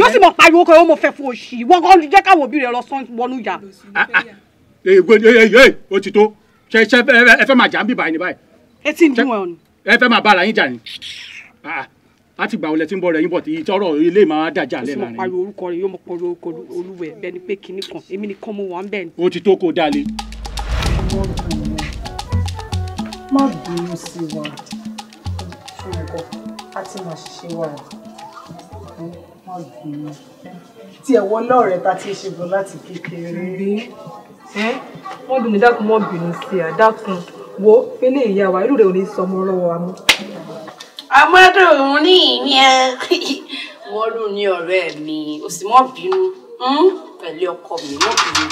yóò sì mọ pariwo kọ́ yóò mọ fẹ́ fún òṣì wọ́n kọ́ jẹ́ káwọn òbí rẹ̀ lọ sán wọnú yà. o ah, ah. ti tó ṣe ṣe ẹ fẹ́ máa jà ń bì báyìí ni báyìí. etí ń dún ẹ ọ ni. ẹ fẹ́ máa bá ara yín jà ni. Ah, àti ìgbà wọlé tí ń bọ̀ rẹ̀ yín bọ̀ tí ìtọ́rọ̀ ilé máa dàjà lẹ́nu rẹ̀. mo pariwo orúkọ rẹ yóò mọ pariwo orúkọ olúwẹ̀ bẹ́ẹ̀ ni pé kinní kan èmi nìkan mo wà ń bẹ̀. o ti tó kó dalẹ̀. má bínú sí wa ṣùgbọ́n a ti máa ṣiṣẹ́ wa má bínú tí ẹ̀ wọ́n lọ́ọ̀rẹ́ ta ti ṣe bọ̀ láti kékeré. wọ́n dùn mí dákun mọ́ bínú sí i dákun wo fẹ́lẹ́ ìyá wa irú rẹ̀ ò ní sọmọ lọ́wọ́ wa amádùn ní ìyẹn wọ́n lù ní ọ̀rẹ́ mi ò sì mọ́ bínú pẹ̀lú ọkọ mi mọ́ bínú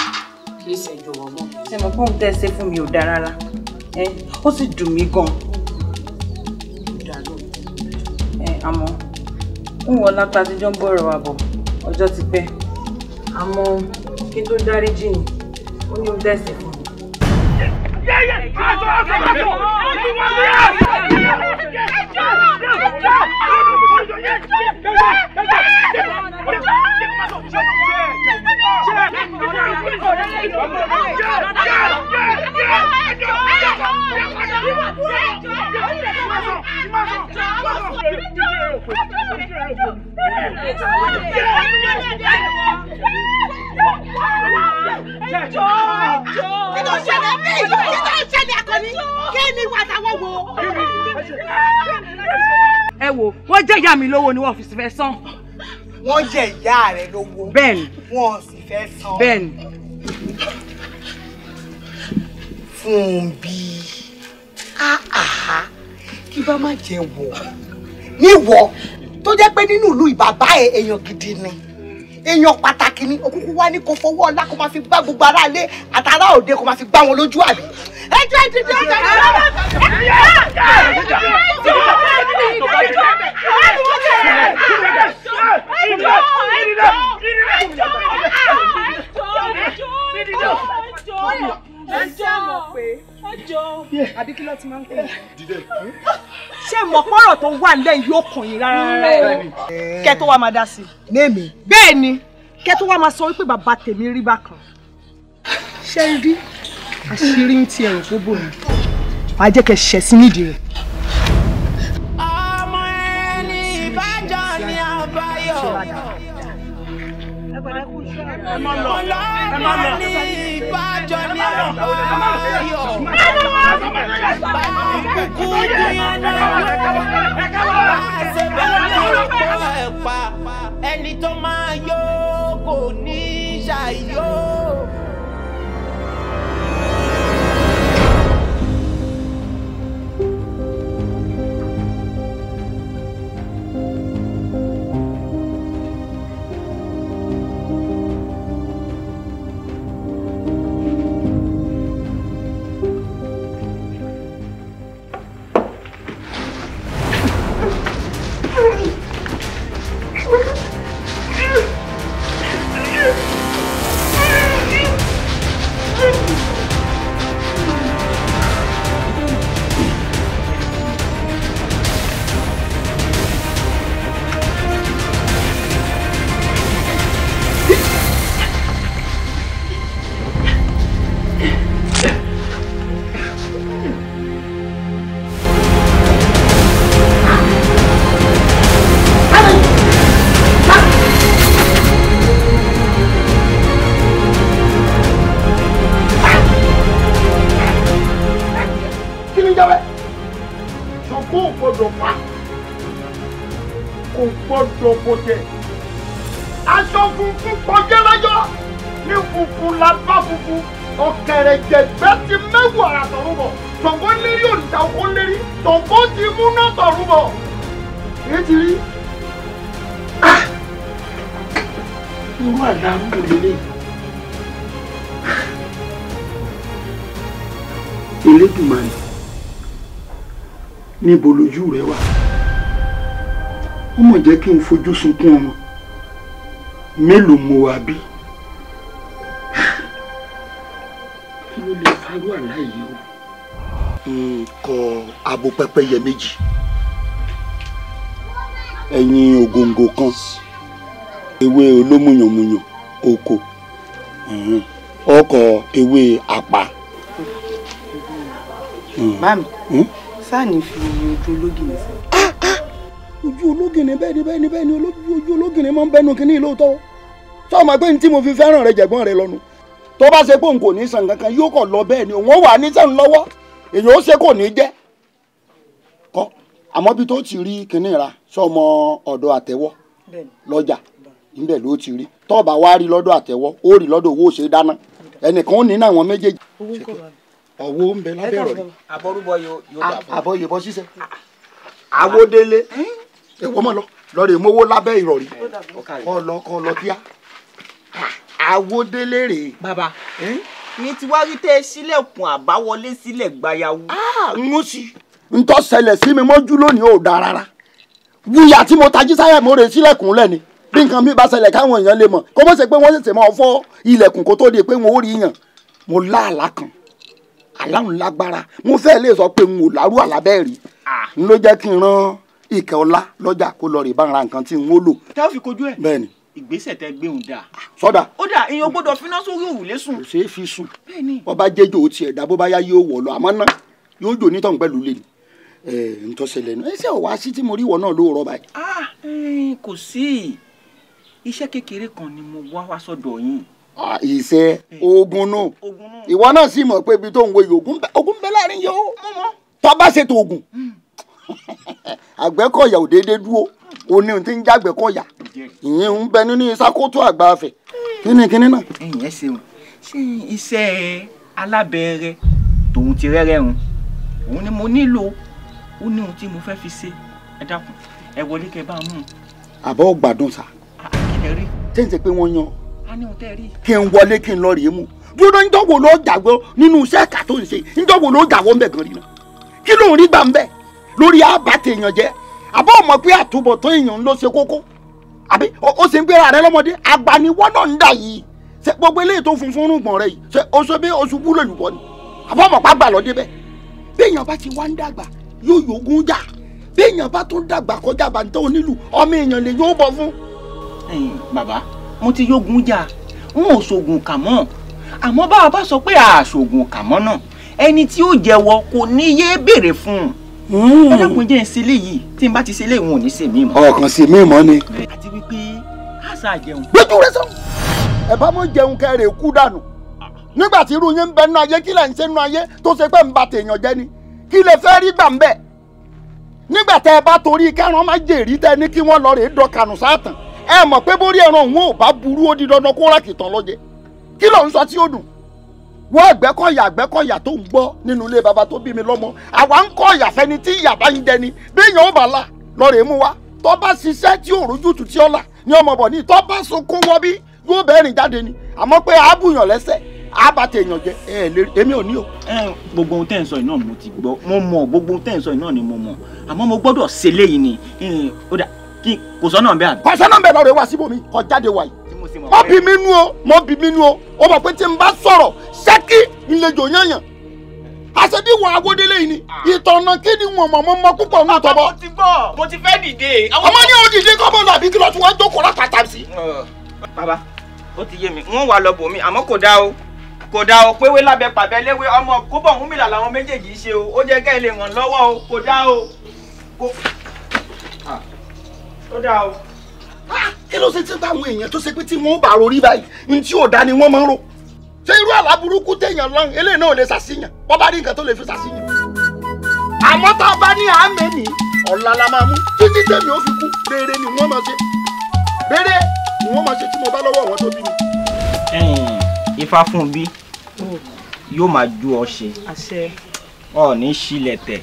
kì í ṣẹjọ ọmọ. ṣe mo fóun tẹ́ ṣe fún mi ò dáa rárá ó sì dùn mí gan-an. àmọ́ ń wọ lápá àtijọ́ ń bọ̀rọ̀ wa bọ̀ ọjọ́ ti pẹ́ àmọ́ kí tó dárí jì ní ó ní ó dẹ̀sẹ̀ fún mi kí ni wàtàwọ̀ wo ẹ wo wọ́n jẹ́ ìyá mi lówó ni wọ́n fi fẹ́ san. wọ́n jẹ́ ìyá rẹ lówó. bẹ́ẹ̀ni. wọ́n sì fẹ́ san. bẹ́ẹ̀ni. Fúnbí áhà kí bá má jẹ wọ níwọ tó jẹ́ pé nínú ìlú ìbàbá ẹ èèyàn gidi ni èèyàn pàtàkì ni òkùnkùn wá ní kò fọwọ́ ọlá kó máa fi gbá gbogbo ara ilé àtàrà òde kó máa fi gbá wọn lójú àbí. ẹ jẹ́ ẹ ti jẹ́ ẹ jẹ́ ẹ jẹ́ ẹ jẹ́ ó jọ àbí kí ló ti máa ń pè é. ṣé mọ̀ pọ́rọ̀ tó wà nílẹ̀ yóò kàn yín rárá rárá kẹ́ tó wá máa dá sí i. némi. bẹ́ẹ̀ ni kẹ́ tó wá máa sọ wípé bàbá tèmi rí bákan. ṣé ń rí àṣírí ń ti ẹ̀rù tó bò ní. wàá jẹ́ kẹ́ ṣẹ̀ sí nídìí rẹ̀. ọmọ ẹni ìbàjọ́ ni àbáyọ. ẹ má lọ ní ìbájọ ní àbáyọ kúkú ní ẹnáyọ àṣebẹ́lẹ̀ ọ̀pọ̀ ẹ̀pà ẹni tó máa yó kò ní ṣàyó. níbo lójú rẹ wà ó mọ̀ jẹ́ kí n fojú sunkún ọmọ mélòó mo wá bí. kí ló lè farú àlá o. nǹkan abo pẹ́pẹ́yẹ méjì ẹ̀yìn ògòǹgò kan ewé olómùyànmùyàn oko ọkọ̀ ewé àpá. báàmì. sáàní fi ojú ológìnì sí. ojú ológìnì bẹ́ẹ̀ ni bẹ́ẹ̀ ni bẹ́ẹ̀ ni ojú máa ń bẹnu sọ ma pé tí mo fi fẹ́ràn rẹ jẹ̀gbọ́n rẹ lọ́nu tó bá ṣe pé n kò ní san kankan yóò kàn lọ bẹ́ẹ̀ ni òun wà ní sàn lọ́wọ́ èyàn ó ṣe kò ní sọmọ ọ̀dọ̀ lọ́jà níbẹ̀ ló ti rí tọ́ọ̀bà rí lọ́dọ̀ owó ṣe dáná ẹnìkan ó ní náà ọwọ́ ń bẹ lábẹ́ ìrọ̀lẹ́. àbọrúbọ yóò dà fún mi. àbọ̀ yìí bọ́ sísẹ. àwọdélé èwo mọ̀ lọ lọ́ọ̀rẹ́ mowó lábẹ́ ìrọ̀lẹ́ kọ́ lọ kọ́ lọ kíá àwọdélé rèé. bàbá ní ti wá rí tẹ́ ẹ sílẹ̀kùn àbáwọlé sílẹ̀ gbayawu. n ó sì ń tọ́ ṣẹlẹ̀ sí mi mọ́jú lónìí ò dáa rárá wúyà tí mo tají sáyà mo rè sílẹ̀kùn lẹ́ni bí nǹkan mi bá ṣẹlẹ̀ káwọn èèyàn lè mọ̀ kó mọ̀ ṣe pé wọ́n ṣẹ̀ṣẹ̀ máa fọ́ ilẹ̀kùn kó tó di pé wọ́n ó rí yàn mo láàlá kan aláhùn lágbára mo fẹ́ lè sọ pé n ò lárú àlábẹ́ rí n ló jẹ́ kí n rán ìkẹ́ ọlá lọ́jà kó lọ rè bá ra nǹkan tí n ó lò. tá a fi kojú ẹ bẹ́ẹ̀ni. ìgbésẹ̀ tẹ gbéhùn dáa. Ah, sọ́dà. ó dà èèyàn gbọ́dọ̀ finá sórí òrùlé sùn. kò ṣeé fi sùn. bẹ́ẹ̀ni. wọ́n bá jẹ́jọ́ o tiẹ̀ dá bó bá yá yóò wọ̀ lọ àmọ́ náà yóò jò nítàn pẹ̀lú lè ní. ẹ ẹ ntọ́sẹ̀ lẹ́nu ẹ ṣe ọ̀wá sí tí mo rí ìwọ náà lóòrọ̀ báyìí. Ah, eh, kò sí iṣẹ́ kékeré kan ni mo wá wá sọ́dọ̀ yín Ah, ìṣe ogun nù ìwọ náà sì mọ̀ pé ibi tó ń wo ogun ogun bẹ́ẹ̀ láàrin yìí ó tó bá ṣètò ogun hmm. àgbẹ̀kọ̀yà ò déédéé dúró o hmm. ní ohun tí ń já àgbẹ̀kọ̀yà ìyẹn ń bẹ nínú ìṣàkóso àgbà afẹ hmm. kíni kíni náà. ẹ̀yin ẹ ṣeun ṣé iṣẹ́ alábẹ́rẹ́ tòun ti rẹ́rẹ́ hun òun ni mo nílò ó ní ohun tí mo fẹ́ fi ṣe ẹ dákun ẹ wọlé kẹ bá mú un. àbọ̀ gbádùn sá. àkìlẹ̀ ah, rí. tẹ́ǹsì pé wọ́n yan ní òun tẹ́ rí. kí n wọlé kí n lọ rèé mu dúró níjọ́wọ́ ló jàgbọ́ nínú iṣẹ́ ẹ̀ka tó ń ṣe níjọ́wọ́ ló jàwọ́ ń bẹ̀ gan rìnà kí ló ń rí gbà ń bẹ̀ lórí àbàtì èèyàn jẹ́ àbọ̀ ọmọ pé àtúbọ̀ tó èèyàn ló ṣe kókó àbí ó sì ń gbéra rẹ lọ́mọdé agbaniwọ́ náà ń dà yìí ṣe gbogbo eléyìí tó funfun rúgbọ̀n rẹ yìí ṣe oṣù bí oṣù búlò lùwọ́ ni àbọ̀ ọmọ pa gbà lọ́dẹ bẹ́ẹ̀ bí mo ti yógun jà n ò ṣògùn kà mọ́ àmọ́ báwa bá sọ pé àṣògùn kà mọ́ náà ẹni tí ó jẹ́wọ́ kò ní yé béèrè fún un. Hmm. ẹlẹ́kùn jẹ́ ìsinlé yìí tí n bá ti sinlé ìwọ̀n ò ní sèmí mọ́. ọkàn sèmí mọ́ ni. àti wípé àṣà jẹun. lójú rẹ sọ. ẹ bá mọ jẹun kẹrẹ kú dànù nígbà tí irú yín ń bẹ nínú ayé kí lẹ ń ṣe nínú ayé tó ṣe pé ń ba tèèyàn jẹ ni kí lẹ fẹ́ rí gbà ń bẹ̀ nígbà tẹ ẹ bá torí kẹran má jèrè tẹ ní kí wọ́n lọ rèé dọkànù sátàn ẹ mọ̀ pé bórí ẹran òun ò bá burú ó di dandan kó rákì tán lọ́jẹ́ kí ló ń sọ tí ó dùn wọ́n àgbẹ́kọ̀yà àgbẹ́kọ̀yà tó ń gbọ́ nínú ilé baba tó bí mi lọ́mọ àwa ń kọ́ ìyà fẹ́ni tí ìyà bá ń jẹni béèyàn ó bá la lọ́ọ̀rẹ́ mú wa tó bá ṣiṣẹ́ tí ò rójú tù tí ó là ní ọmọ bọ̀ ní tó bá sunkún wọ́ bí yóò bẹ́ẹ̀rìn jáde ni àmọ́ pé àábùyàn lẹ́sẹ̀ àbàtà èèyàn jẹ ẹ ẹ lérí èmi ò ní o. gbogbo ohun tẹ́ ń sọ yìí náà mo ti gbọ́ mo mọ̀ gbogbo ohun tẹ́ ń sọ yìí náà ni mo mọ̀ àmọ́ mo gbọ́dọ̀ ṣe léyìí ni ó dà kí kò sọ́nà bẹ́ẹ̀ àbí. kò sọ́nà bẹ́ẹ̀ lọ́rọ̀ wá síbò mi kò jáde wá yìí. mọ bí mi o mọ bí mi nú o o mọ̀ pé tí n bá sọ̀rọ̀ ṣẹ́kí ńlẹ̀jọ̀ yányàn. àṣẹbí wà awódélé yìí ni ah. ìtọ̀nà kí ni wọn mọ̀ mọ́ mọ́ púpọ̀ ń tọ́ bọ́. mo ti bọ̀ mo ti fẹ́ dìde. ọmọ ní o dìde kọ́ bọ́ọ̀lù àbí kí lọ́ọ́ tí wọ́n jókòó lápáta sí. bàbá ó ti yé mi wọ́n wà lọ bòmí àmọ́ kò dáa o kò dáa o péwé lábẹ́ pàbẹ́ léwé ọmọ kóbọ̀ ń mìlà làwọn méjèèjì ṣe o ó jẹ́ kẹ́ ẹ lè ràn lọ́wọ́ o kò dáa o ó dáa o. kí ló ṣe ti táwọn èèyàn tó ṣe pé tí wọ́n bá rorí báyìí ní tí ò dá ni wọ́n máa ń rò ṣé irú àlá burúkú téèyàn lọ́n eléyìí náà ò lè ṣàṣìyàn wọ́n bá rí nǹkan tó lè fi ṣàṣìyàn. àmọ́ tá a bá ní àmì ní ọ̀la la máa mú títí tèmi ó fi kú rere ni wọ́n máa ṣe rere ni wọ́n máa ṣe tí mo bá lọ́wọ́ àwọn tó bí mi. ifá fún bí yóò máa ju ọ ṣe ọ̀ọ́ni sílẹ̀ tẹ̀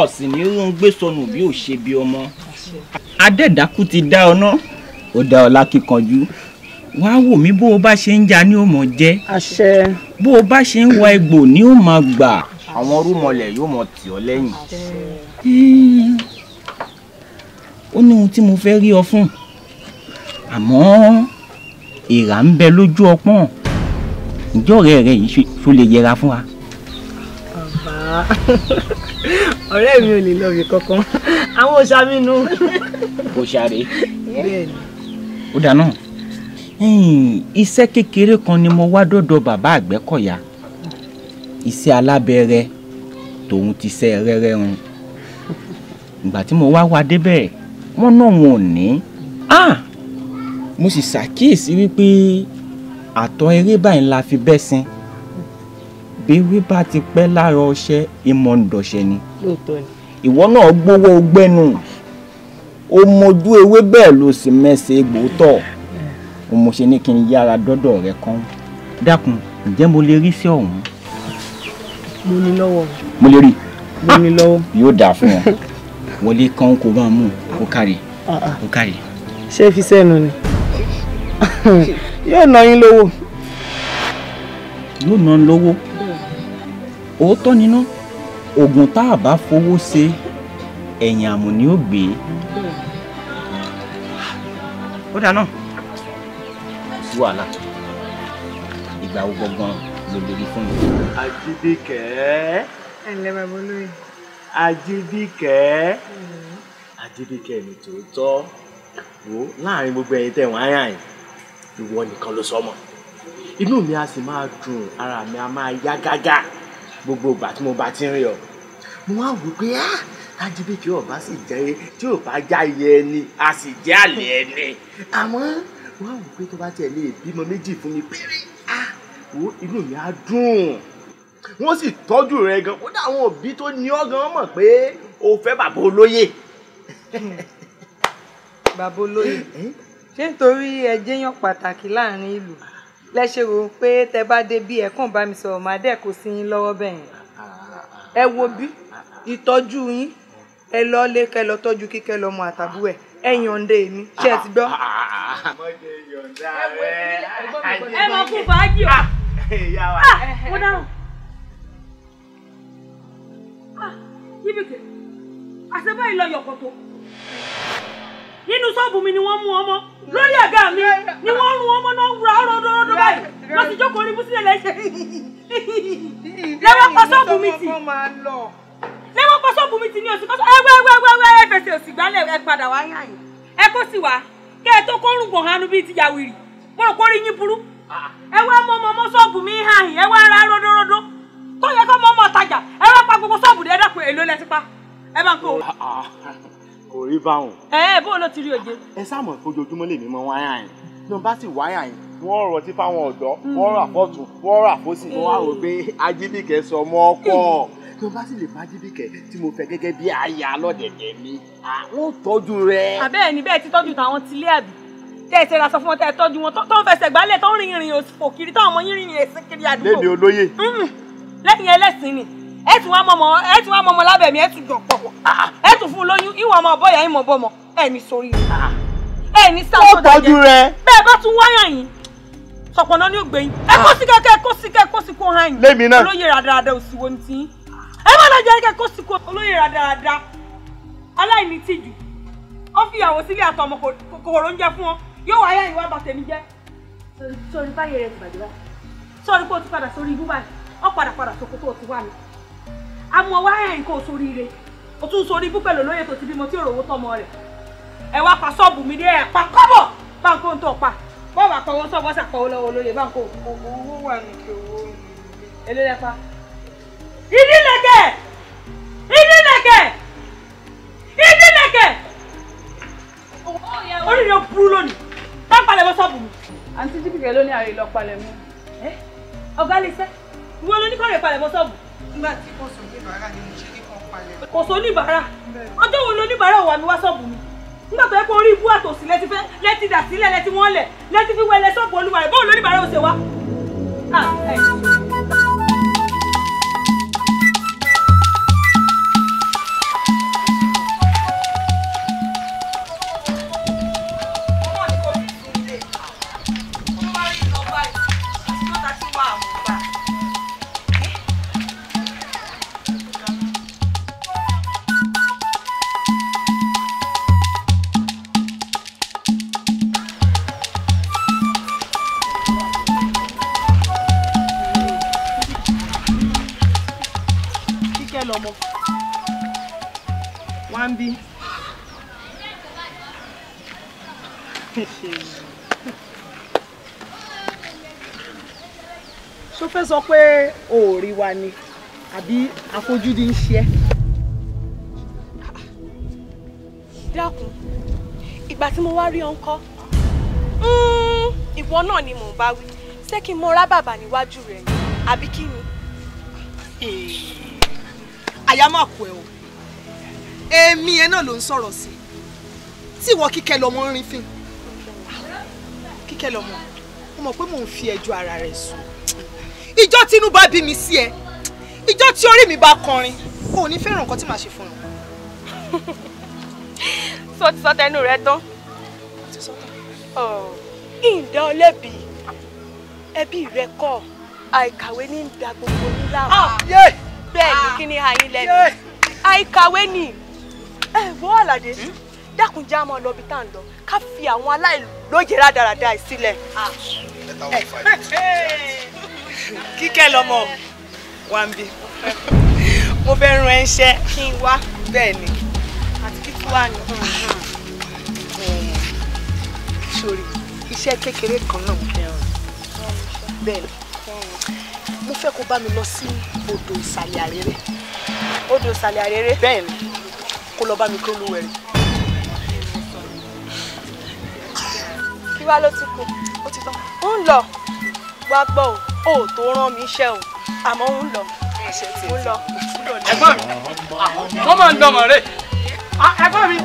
ọ̀sìn ní ń gbé sọnù bí ò ṣe bí ọmọ. adẹ́dàkú ti dá ọ náà ó dá ọ lákìkanjú wàá wò mí bó o bá ṣe ń ja ni ó mọ̀ jẹ́ bó o bá ṣe ń wọ egbò ni ó mọ̀ gbà àwọn rúmọlẹ̀ yóò mọ̀ tì ọ́ lẹ́yìn. ó ní ohun tí mo fẹ́ rí ọ fún àmọ́ èèrà ń bẹ lójú ọpọ́n ǹjọ́ ọ̀rẹ́ rẹ yìí ṣó lè yẹra fún wa. ọ̀rẹ́ mi ò lè lọ bí kankan àwọn òòṣà mi nù. òòṣà rè é ó dáná iṣẹ́ kékeré kan ni mo wá dọ̀dọ̀ bàbá Àgbẹ̀kọ̀yà iṣẹ́ alábẹ́rẹ́ tòun ti ṣe rẹ́rẹ́ run ìgbà tí mo wá wá débẹ̀ wọ́n náà wọn ò ní mo sì ṣàkíyèsí wípé àtọ̀ eré báyìí la fi bẹ́ sin bíwí bá ti pẹ́ lára ọṣẹ ìmọ̀ ǹdọ̀ṣẹ̀ ni ìwọ náà gbowó gbẹ́nu o mojú ewé bẹ́ẹ̀ ló sì mẹ́sẹ̀ gbòótọ́ o mo ṣe ní kí n yára dọ́dọ̀ rẹ kán dákun ǹjẹ́ mo lè rí sí ọ̀hún. mo ní lọ́wọ́. mo lè rí. mo ní lọ́wọ́. yóò dáa fún ọ wọlé kán kó bá mú kó kárí ah, ah. kó kárí. ṣé fi sẹ́nu ni yóò ná yín lówó. yóò ná yín lówó òótọ́ níná oògùn tá a bá fowó ṣe ẹ̀yìn àmù ni ó gbé ó dáná kò sí wàhálà ìgbà wo gangan ló lórí fún mi. Àjíbíkẹ́. ẹ ǹlẹ́ bàbá olóyè. Àjíbíkẹ́. Àjíbíkẹ́ mi tòótọ́ wo láàrin gbogbo ẹ̀yin tẹ̀ á yàn yín ìwọ nìkan ló sọ mọ́ inú mi a sì máa dùn ara mi a máa yá gágá gbogbo ìgbà tí mo bá ti ń rí ọ mo wá wò pé ah ajibike ọba sì jẹ tí ò bá já iye ẹni a sì jẹ àlẹ ẹni àmọ́ mo wá wò pé tó bá tiẹ̀ lè bímọ méjì fún mi péré ah wo inú mi á dùn wọ́n sì tọ́jú rẹ gan kódà àwọn òbí tó ní ọ gan mọ̀ pé o fẹ́ bàbá olóyè. Hmm. bàbá olóyè eh, eh? ṣé nítorí ẹjẹ yan pàtàkì láàrin ìlú lẹ ṣe rò pé tẹ bá dé bí ẹ kàn bá mi sọ̀rọ̀ màá dẹ kó sí yín lọ́wọ́ bẹyẹn ẹ wo bí ìtọ́jú yín ẹ lọ lé kẹ lọ tọ́jú kíkẹ lọmọ àtàbú ẹ ẹ yànde mi ṣé ẹ ti gbọ́. ẹ mọ kú fàájì o ah, ah, mo dáhùn ah, yíbi kè àṣẹ báyìí lọ yọkọ tó nínú ṣọ́ọ̀bù mi ni wọ́n mú ọmọ lórí àga mi ni wọ́n rún ọmọ náà wúra ọ̀rọ̀ dọ́dọ́dọ́ báyìí wọ́n ti jókòó ní búsílẹ̀ lẹ́sẹ̀ lẹ́wọ́n pa ṣọ́ọ̀bù mi tì lẹ́wọ́n pa ṣọ́ọ̀bù mi tì ní oṣù kọ́sọ́ ẹwẹ́ ẹwẹ́ ẹwẹ́ ẹwẹ́ ẹ fẹsẹ̀ òsì gbálẹ̀ ẹ padà wá yàn yín ẹ kó sì wá kẹ́ ẹ tó kórùn bọ̀ hanu bíi ti yàwìrì bọ́ ò kórí yín burú ẹ wá mọ ọmọ ọmọ ṣọ́ọ̀bù mi hàn yín ẹ wá ra ródóródó tó yẹ kọ́ mọ ọmọ ọ̀tajà ẹ wá pa gbogbo ṣọ́ọ̀bù dẹ́ẹ́dàpọ̀ èlò lẹ́sípa ẹ bá ń kó o kò rí báwọn. ẹ ẹ bó ló ti rí oje. ẹ sáà mọ̀ lèmi mọ wáyà yẹn ní bá sì wáyà yẹn wọ́n rọ̀ sí fáwọn ọ̀dọ́ hmm. wọ́n rọ̀ àfọ́tún wọ́n rọ̀ àfọ́sì wọ́n wá rò hmm. pé ajíbìkẹ́ sọ ọmọ ọkọ tó bá sì lè bá ajíbìkẹ́ tí mo fẹ́ gẹ́gẹ́ bí aya lọ́dẹ̀dẹ̀ mi àwọn tọ́jú rẹ̀. àbẹ́ẹ̀ ni bẹ́ẹ̀ ti tọ́jú tàwọn tilé àbí tẹ́ ẹ ṣẹlá sọ fún wọn tẹ́ ẹ tọ́jú wọn tó ń fẹsẹ̀ gbálẹ̀ tó ń rìnrìn òfò táwọn ọmọ yín rìnrìn èsì kiri àdúgbò. lẹ́mi olóyè. Hmm. lẹ́yìn ẹlẹ́sìn ni ẹ tún wá mọmọ ẹ tún wá mọmọ lábẹ́ mi ẹ tún jọ pọpọ ẹ tún fún un lóyún ìwọ ọmọ bọyà ìmọ bọmọ ẹ ní sórí rẹ ẹ ní sáà tó dájẹ bẹ́ẹ̀ bá tún wáyàn yìí sọpọnà ni ó gbẹ̀yìn ẹ kó sí kẹkẹ kó sí kẹ kó sí kó hàn yín lèmi náà olóyè ràdàràdà òsì wo ni ti yín ẹ má lọ jẹ kẹ kó sí kó olóyè ràdàràdà aláìní tìjú ó fi ìyàwó sílé àtọmọ kòkòrò oúnjẹ fún ọ yóò wáyà ìwà bàtẹmí jẹ. sori báyìí rẹ ti bàjẹ́ báyìí sori pé o ti padà sórí ibú báyìí ọ padà padà sókòtò ò ti wà ní àmọ́ wá ẹ̀yìn kò sóríire o tún sórí ibú pẹ̀lú olóyè tó ti bímọ tí òròwó tọmọ rẹ̀ ẹ wá pa ṣọ́ọ̀bù mi dé ẹ̀ pa kọ́bọ̀ báńkó ń tọ̀ pa bọ́ọ̀bù àpọ̀wọ́ sọ́ọ̀bù ọ̀sẹ̀ àpọ̀wọ́ lọ́wọ́ olóyè báńkó. owó wà ní kí owó mi. èlé lẹ pa. ìdílẹ̀kẹ̀ ìdílẹ̀kẹ̀ ìdílẹ̀kẹ̀ orí rẹ̀ burú lónìí bá ń palẹ̀ mọ́ ṣọ́ọ̀bù mi. àǹtí jíbìkẹ́ ló ní àrè lọ palẹ̀ mọ́. ọ̀gá lè ṣẹ́ ìwọ ló kọ́ nígbà tí kò sọ oníbàárà ni mo ṣe ní kan palẹ̀. kò sọ oníbàárà ọjọ́ wo ni oníbàárà wà ní wáṣọ́ọ̀bù mi nígbà tó yẹ kó orí ibú àtòsí lẹ́tí fẹ́ lẹ́tí dà sílẹ̀ lẹ́tí wọ́n lẹ̀ lẹ́tí fi wẹ́lẹ̀ ṣọ́ọ̀bù olúwa rẹ̀ báwo lóníbàárà ò ṣe wá. Ah, lára ni àbí àfojúdi ń ṣe ẹ́. dákun ìgbà tí mo wá rí ọ ńkọ́ hmm, ìwọ náà ni mò ń bá wí ṣé kí n mọ ra bàbà níwájú rẹ ni àbí kí ni. àyà eh, máa kú ẹ o èmi ẹ náà ló ń sọ̀rọ̀ sí tí ìwọ kíkẹ́ lọ́mọ ń rin fín kíkẹ́ lọ́mọ mo mọ̀ pé mò ń fi ẹjọ́ ara rẹ̀ sùn ìjọ́ tínú bá bí mi sí ẹ ìjọ tí orí mi bá kọrin kò ní fẹ́ràn nǹkan tí màá ṣe fún un. sọ ti sọ tẹnu rẹ tán. ìdá ọlẹ́bí ẹbí rẹ kọ́ àìkàwé ní ìdá gbogbo nílà wá ah, bẹ́ẹ̀ ni ah, kí ni àyín lẹ́nu àìkàwé ni ẹ wọ́n àlàdé hmm? dákun já máa lọ bí tá à ń lọ ká fi àwọn aláìlóye rádaràda ìsílẹ̀. Ah. kíkẹ́ lọ́mọ wá ń mo fẹ́ rán ẹ kí n wá bẹ́ẹ̀ ni àti kíkú wà ní. Ah. Eh, sori iṣẹ́ kékeré kan náà mo fẹ́ ràn bẹ́ẹ̀ ni mo fẹ́ kó bá mi lọ sí odò ìsàlẹ̀ àrèrè. odò ìsàlẹ̀ àrèrè. bẹ́ẹ̀ ni kó lọ bá mi kó lúwẹ̀ kí wá ló ti kù ó ti tán ó ń lọ wá gbọ́ ò tó rán mi iṣẹ́ o àmọ́ ń lọ ń lọ. ẹ̀gbọ́n mi wọ́n máa ń dọmọ rẹ̀ ẹ̀gbọ́n mi.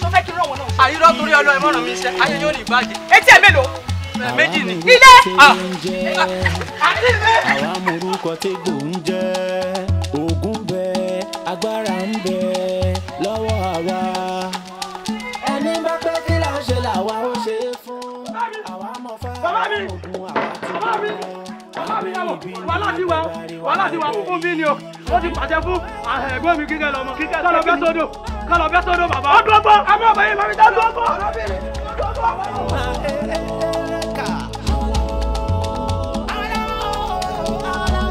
tó fẹ́ kí rọ̀wọ̀ náà. àyírọ́ torí ọlọ́ ẹ̀ mọ́ràn mi ṣe ayé yóò ní ìbàjẹ́. etí ẹ̀ mélòó. méjì ni. ilé. àwa morúkọ tégbò ń jẹ ogun bẹ agbára ń bẹ lọ́wọ́ àwa ẹni bá pẹ́ kí là ṣe làwa ó ṣe é fún àwa mọ̀ fẹ́ ogun àwa ti bàbá mi yàwó wàhálà ti wà wàhálà ti wà fún mi ni o ó ti pàṣẹ fún ẹ̀gbọ́n mi kíkẹ́ lọ́mọ kíkẹ́ kọ́lọ̀ bẹ́ sódò kọ́lọ̀ bẹ́ sódò bàbá. ọdún ọgbọ́n àmọ́ ọ̀bẹ yìí mami dá ọdún ọgbọ́n.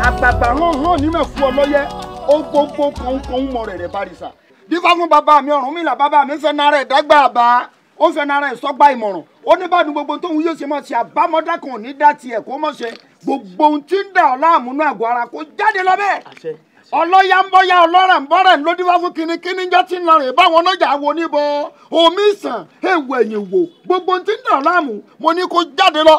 àgbàgbà hàn hàn ní mẹ́fù ọlọ́yẹ ó gbogbo kọ̀ọ̀kan mọ̀ rẹ̀ rẹ̀ bá rí bí fáwọn bàbá mi ọ̀rùn mi là bàbá mi fẹ́ náà rẹ̀ dágbà bá ó ń fẹnu ara ẹ̀ sọ́gbà ìmọ̀ràn ó ní bá ní gbogbo tóun yóò ṣe mọ̀ ṣe àbámọ́dá kan ní dá tiẹ̀ kó mọ̀ ṣe gbogbo ohun tí ń dà ọ́ láàmúnú àgọ́ ara kó jáde lọ bẹ́ẹ̀ ọlọ́yà ń bọ́yà ọlọ́rẹ̀ ń bọ́rẹ̀ ń lódìbá fún kínníkínní jọ́ tí ń lọ rè báwọn ọlọ́jà wo níbo omi ìsàn èèwọ̀ ẹ̀yìn wò gbogbo ohun tí ń dà ọ́ láàmú mo ní kó jáde lọ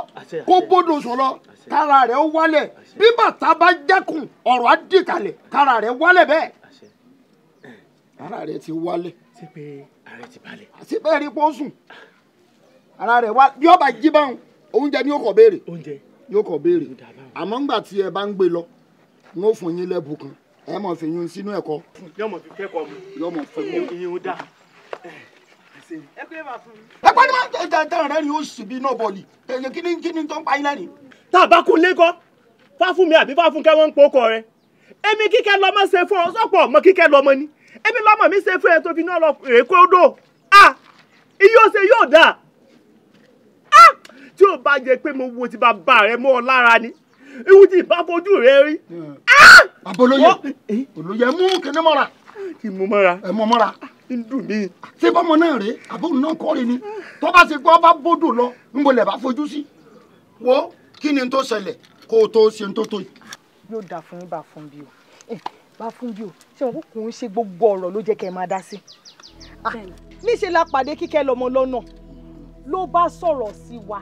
kó bódò sùn lọ kára rẹ̀ ó wálẹ̀ bí bàtà bá jẹ́kùn ọ̀rọ̀ á dìkalẹ̀ kára rẹ̀ wálẹ̀ bẹ́ẹ̀ kára rẹ̀ ti wálẹ̀ ṣé pé ààrẹ ti balẹ̀. àti bẹ́ẹ̀ rí pọ́sùn ara rẹ̀ wá bí ọba jí báwọn oúnjẹ ni yóò kọ̀ béèrè oúnjẹ yóò kọ̀ béèrè àmọ́ ńgbà tí ẹ bá ń gbé lọ n ó fún yín lẹ́bù kan ẹ mọ̀ fi yún sínú ẹ̀kọ́. yọmọ fi kẹ́kọ̀ọ́ mu yọmọ fi yún yín ó dà ẹ pé bá fún mi. ẹ pẹ́ máa ń tọ́ ìjà ìtàn ni ó sì bí náà bọ̀lì èyí kí ni tó ń pa iná ni. tá a bá kú lẹ́kọ́ fáfúnmi àbí fáfúnkẹ́ wọ́n ń pokọ̀ rẹ̀ èmi kíkẹ́ lọ́mọ ṣe fún ọ sọ́pọ̀ ọmọ kíkẹ́ lọ́mọ ni ebi lọ́mọ mi ṣe fún ẹ tó fi náà lọ èkó odò iye ọ̀sẹ̀ yóò dà tí ò bá jẹ pé mo wo ti bàbá rẹ mọ́ ọ lára ni iwu ti bá fojú rẹ rí. Eh, àbólóyè olóyè eh? mú kíní mọ́ra. kí mo mọ́ra. ẹ eh, mọ mọ́ra. ń ah, dùn mí. ṣé bọ́mọ náà rèé àbúrò náà kọ́ rè ni tó bá ṣe gbọ́ bá bódò lọ ń bolẹ̀ bá fojú sí. wo kí ni tó ṣẹlẹ̀ kó o tó ṣe tó tó yìí. yóò dà fún yín bá fún bí o Báfúnjí o ṣé wọn kò ń ṣe gbogbo ọ̀rọ̀ ló jẹ́ kẹ́ ẹ máa dá sí. Ah, níṣẹ́ la pàdé kíkẹ́ lọ́mọ lọ́nà ló bá sọ̀rọ̀ sí wa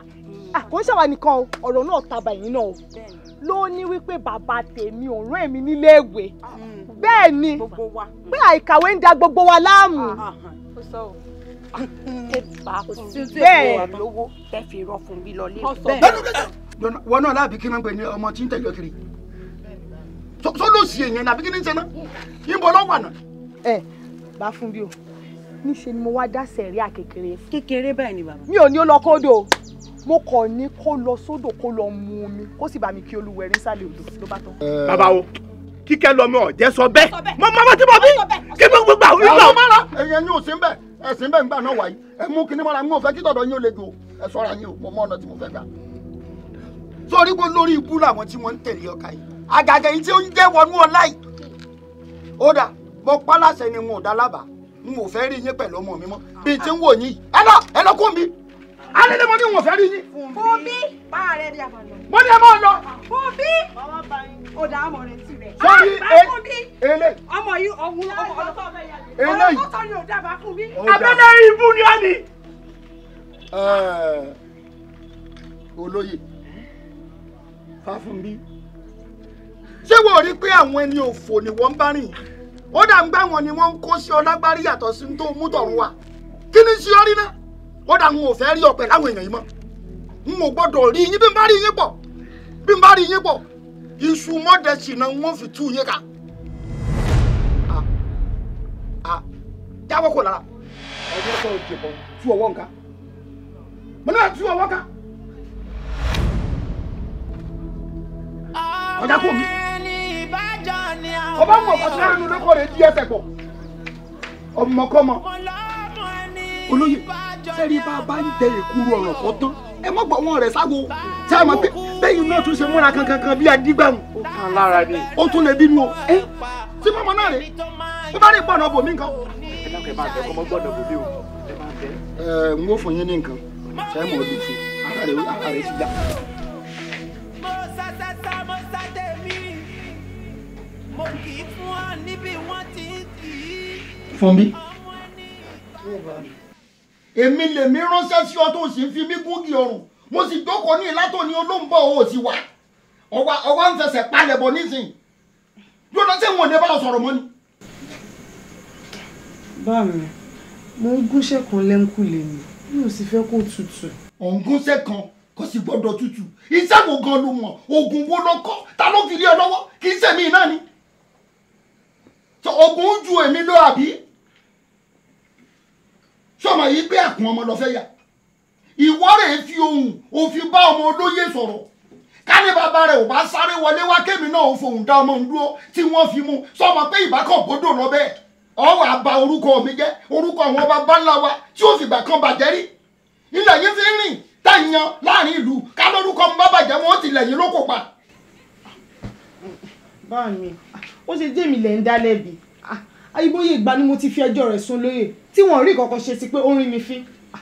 ah, kò ń ṣàwà nìkan o ọ̀rọ̀ náà taba ẹ̀yìn náà o ló ní wípé bàbá tèmi ò rán èmi níléèwé hmm. bẹ́ẹ̀ ni pé àìkàwé ń da gbogbo wa láàmú. Ah, bẹ́ẹ̀ lówó tẹ́ fi rọ fún mi lọ lé. wọn náà láàbí kí wọ́n gbé ní ọmọ tí ń tẹ̀lé kiri sọlọsì èèyàn nàbí kí ni ṣe náà yìnbọn lọ́wọ́ àná. ẹ bá fún bí o níṣe ni mo wá dá sẹ̀ríà kékeré. kékeré báyìí ni bàbá. mi ò ní ó lọ kódò mo kọ̀ ní kó lọ sódò kó lọ mu omi kó sì bá mi kí olúwẹ̀rí sálẹ̀ odò ló bá tán. Eh. bàbá o kíkẹ́ lọ́mọ ọ̀jẹ́ sọ bẹ́ẹ̀ mo máa bá tí mo bí kí mo gbà wí lọ. ẹ̀yin ẹ̀yin ò sí ń bẹ̀ ẹ̀sìn bẹ́ẹ̀ ń gbà náà wáyé ẹ̀ mú kinní mọ́ra mi ò fẹ́ kí tọ̀dọ̀ yín ó le jù ẹ̀ sọ́ra yín o mo mọ ọ̀nà tí mo fẹ́ gbà. sọ́rí gbọ́ lórí ibú làwọn tí wọ́n ń tẹ̀lé ọkà yìí àgàgà yìí tí ó ń jẹ́ wọnú ọlá yìí ó dà mo pa láṣẹ ni n ò dá lábàá n ò fẹ́ rí yín pẹ̀lú ọmọ mi mọ́ bí n ti ń wò yín ẹ lọ ẹ lọ kún mi alẹ́ ni mo ní n ò fẹ́ rí yín. fúnbí báà rẹ rí àbàlọ. mo ní ẹ máa lọ. fúnbí ó dà á mọ̀ rẹ̀ sí rẹ̀. sọ́ni ele. ọmọ yìí ọ̀hún ọmọ ọlọ́tọ̀ bẹ́ẹ̀ yà lè. ele yìí ọlọ́tọ̀ ni ò dábàá fún mi. abẹ́lẹ́ ibú ni ó ní. olóyè fáfúnbí ṣé wọ́n rí pé àwọn ẹni òfò ni wọ́n ń bá rìn ó dà ń gbá wọn ni wọ́n ń kó sí ọ lágbárí yàtọ̀ sí tó mú tọ̀run wa kí ni ṣe ọ rí náà ó dà ń ò fẹ́ rí ọ̀pẹ̀ láwọn èèyàn yìí mọ́ n ò gbọ́dọ̀ rí yín bí n bá rí yín pọ̀ bí n bá rí yín pọ̀ iṣu mọ́dẹ̀sì náà wọ́n fi tú yín ká jáwọ́ kò lára ẹ̀jẹ̀ kọ́ òkè bọ̀ tú ọwọ́ nǹkan mo náà tú ọwọ́ ká ọjà kò mí ọba mọ̀ ọ̀kan tí wọ́n nu lóko rẹ̀ di ẹsẹ̀ pọ̀ ọmọkọ́mọ olóyè sẹ́ni bá a bá ń tẹ ìkúrú ọ̀rọ̀ kọ́ tán ẹ mọ̀ gbọ́ wọn rẹ̀ ságo ṣé àmọ́ pé bẹ́yìn náà tún ṣe múra kankankan bíi adigbàmù ó kàn lára ni ó tún lè bínú o ẹ tí mọ́mọ́ náà rè é bá rí gbọ́dọ̀ bòmí nǹkan. ẹ dákẹ́ máa bẹ kọ́mọ gbọ́dọ̀ bòmí o ẹ máa bẹ. ẹ n ó fún yín ní nǹkan ṣe é mọ̀ ọ́ dùn fún ara rẹ̀ ara rẹ̀ ti dá. mo kì í fún wa níbi wọ́n ti ń kì í. fún mi. èmi lèmi ránṣẹ́ sí ọ tó sì ń fi mí gúngi ọrùn mo sì dókòó ní ìlàtọ̀ ní olóńgbò ò sì wá ọwọ́ ń fẹsẹ̀ palẹ̀ bọ̀ nísìnyí yóò lọ sí ìwọ̀n ní bá sọ̀rọ̀ mọ́ ni. bá mi mo ń gúnṣẹ́ kan lẹ́ńkùlé mi mi ò sì fẹ́ kó tutù. ò ń gúnṣẹ́ kan kò sì gbọ́dọ̀ tutù iṣẹ́ wo gan ló mọ̀ oògùn wo ló kọ́ ta ló fi lé ọ lọ́wọ́ kì í ṣèmi náà ni ogun ju èmi lọ àbí sọmọ yìí pé àkùn ọmọ lọ fẹ́ yà ìwọ rẹ̀ fi ohùn òfin bá ọmọ olóyè sọ̀rọ̀ káni bàbá rẹ̀ ò bá sáré wọlé wá kémi náà ò fohùn dá ọmọ ndúró tí wọ́n fi mú sọmọ pé ìbákan gbódò lọ bẹ́ẹ̀ ọwọ́ àbá orúkọ mi jẹ́ orúkọ àwọn bàbá ńlá wa tí ó fìgbà kan bàjẹ́ rí ilẹ̀ yìí fi ń rìn táyàn láàrin ìlú ká lórúkọ mi bá bàjẹ́ wọn ó ti lẹ̀yìn lókò pa. báà mi ó ṣe jẹ́ mi lẹ̀ ń dá lẹ́bi ah, ayébóyè ìgbà ni mo ti fi ẹjọ́ rẹ̀ sun lóye tí wọ́n rí kankan ṣe sí pé ó ń rí mi fín ah,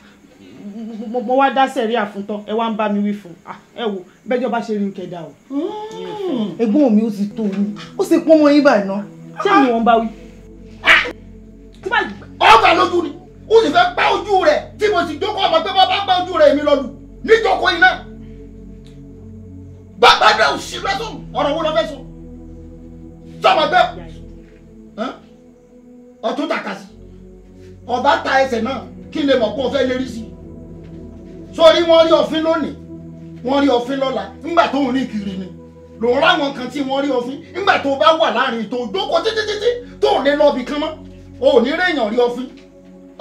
mo wá dá sẹ̀rí àfúntán ẹ wá ń bá mi wí fún ah, ẹ wò bẹ́jọ́ bá ṣe rí kẹ̀dá o. Hmm. ẹ̀gbọ́n mi ó ti tó o ó sì pọ́n mọ́ yín báyìí ná ṣé mi wọ́n bá wí. ọgbà lójú ni ó sì fẹ́ pá ojú rẹ̀ tí mo sì jókòó ọmọ pé bá bá pá ojú rẹ̀ èmi lọ́dún níjókòó iná bàbá náà ò sí lọ́sùn ọ̀rọ̀ wo lọ fẹ́ sùn sọ̀rọ̀ bẹ́ẹ̀ ọ̀tún tàkàsì ọba ta ẹsẹ̀ náà kí n lè mọ̀ pé o fẹ́ lérí sí i sórí wọ́n rí ọ̀fin lónìí wọ́n rí ọ̀fin lọ́la ńgbà tó ń rìn kiri ni lòun ráwọn kan tí wọ́n rí ọ̀fin ńgbà tó bá wà láàrin tó dóko títí títí tó lè lọ́ọ̀bì kan mọ́ o ò ní réèyàn rí ọ̀fin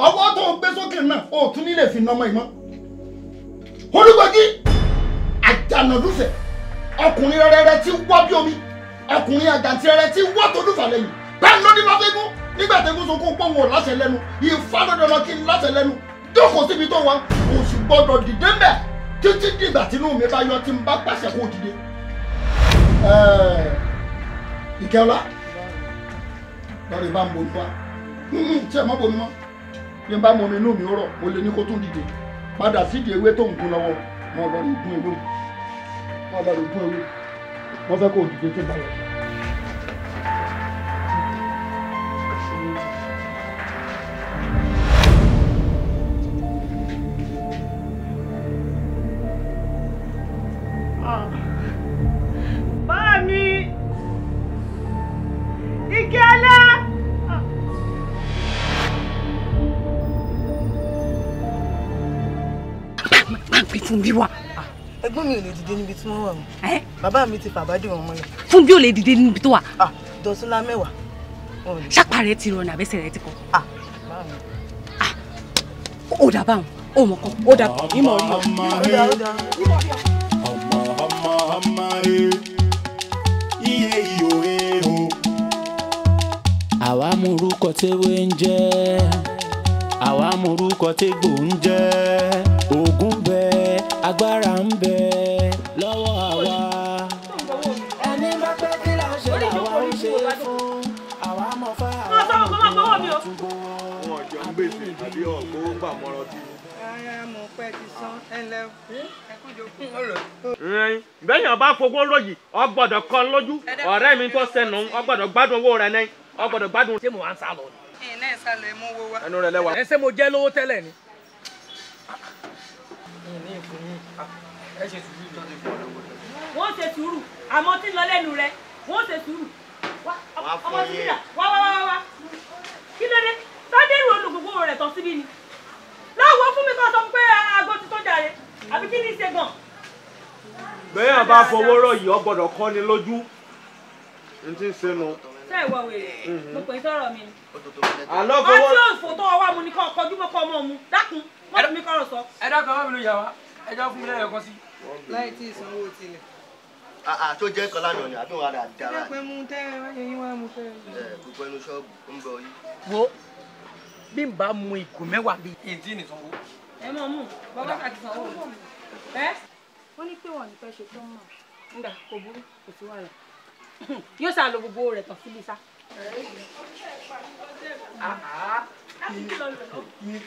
ọwọ́ tó ń gbé sókè náà o ò tún nílè fi nọmọ ìmọ̀ olùgbògi àjànàdúfẹ́ ọkùnrin rẹrẹrẹ tí wọ́ bí omi ọkùnrin àjàntìrẹrẹ tí wọ́n tó dùfà lẹ́yìn bẹ́ẹ̀ ló ní máfẹ́gún nígbà tí egun sunkún pọ̀ wọn láṣẹ lẹ́nu ìfádọ́dọ́dọ́ kí n láṣẹ lẹ́nu jókòó síbi tó wà kò sì gbọ́dọ̀ dìde mbẹ̀ títí dìgbà tínú mi bá yọ tí n bá pàṣẹ kó dìde. ìkẹ́ọ́lá lọ́rọ̀ ìbá ń bomi wá tí ẹ̀ mọ́ bomi mọ́ bí n bá mọ omi inú mi rọ̀ mo lè ní kó tún dìde padà sídìí ewé tó ń gun lọ́wọ́ mo lọ́ọ́ rí ewé mo lọ́ọ́ rí ewé wọ́n fẹ́ kó o dìde tó bá yẹ. fún bí wà ẹ̀gbọ́n mi ò lè dìde níbi tí wọ́n wà wọn. bàbá mi ti fàbádì wọn mọ́lẹ̀. fún bí lè dìde níbi tó wà. Ah, dọ̀túnlá mẹ́wàá. sápá rẹ ti rọrùn àbẹ́sẹ̀ rẹ ti kọ. Ah, ah, ó dà báwọn ó mọ̀ kan ó dà ìmọ̀ rí ọ. àwa mú orúkọ tẹ́wé ń jẹ́ àwa mú orúkọ tẹ́gbò ń jẹ́ agbára ń bẹ lọ́wọ́ àwa. ẹni bá pẹ́ kí là ń ṣe làwa ń ṣe fún àwa mọ̀ fá àwọn ọmọ mi ò túbọ̀. wọn jọ ń gbèsè àbí ọ̀gbọ́n ó gbà mọ́rọ́ bí. ara mo pẹ́ ti sán ẹlẹ́ ẹkújọ fún ọ̀rọ̀. bẹ́yàn bá fowó lóyìí ọ gbọ́dọ̀ kan lójú ọ̀rẹ́ mi tó sẹ́nu ọ gbọ́dọ̀ gbádùn owó rẹ náà ọ gbọ́dọ̀ gbádùn tí mò ń sá lọ. ẹnu rẹ lẹ́wà. ẹsẹ mo jẹ lówó tẹ́lẹ̀ ni ẹ ṣe sùúrù tó ti fún ọ lọ́wọ́ lọ. wọ́n ṣe sùúrù àmọ́ tí ń lọ lẹ́nu rẹ wọ́n ṣe sùúrù. ọmọ tí ń rà wá wá wá wá kí ló dé sádẹ́rù olùgbogbo rẹ̀ tán síbí ni. láwo fún mi kọ́ sọ pé aago ti tó jàre àbí kí ni í ṣe gan. bẹ́ẹ̀ bá fọwọ́ rọ̀ yìí ọ gbọ́dọ̀ kọ́ ni lójú n ti ń sẹ́nu. ṣé ìwọ wèrè mhm. mo pè é sọ̀rọ̀ mi. àlọ́ fọwọ́ ọtí òfò tó ọwọ́ mu ni kọ́ kọjú mọ́kọ́ ọmọ mu dákun mọ́tò mi kọ́ ọ̀rọ̀ sọ. ẹ dákun ọmọ mi ló yà wá ẹ jọ fún mi lẹ́yìn ọkọ sí i láì tí ìsanwó tilẹ̀. àà ah, ah, tó jẹ́ kan lánàá ni àbí wọn àdá dára. ẹ pé mú tẹ́rẹ̀ wáyé yín wá mú fẹ́rẹ̀. ẹ gbogbo ẹnu ṣọ́ọ̀bù ń bọ̀ yìí. wo bí n bá mu ìkù mẹ́wàá bíi. èyí tí nì sanwó. ẹ mọ̀ mú bàbá kàkì sanwó. ẹ wọ́n ní pé wọ́n ní fẹ́ ṣe tán mọ̀ nígbà kò burú kò sí wàhálà yóò sá gbogbo rẹ̀ tán síbi sá ìpààyàn ọ̀rẹ́ mi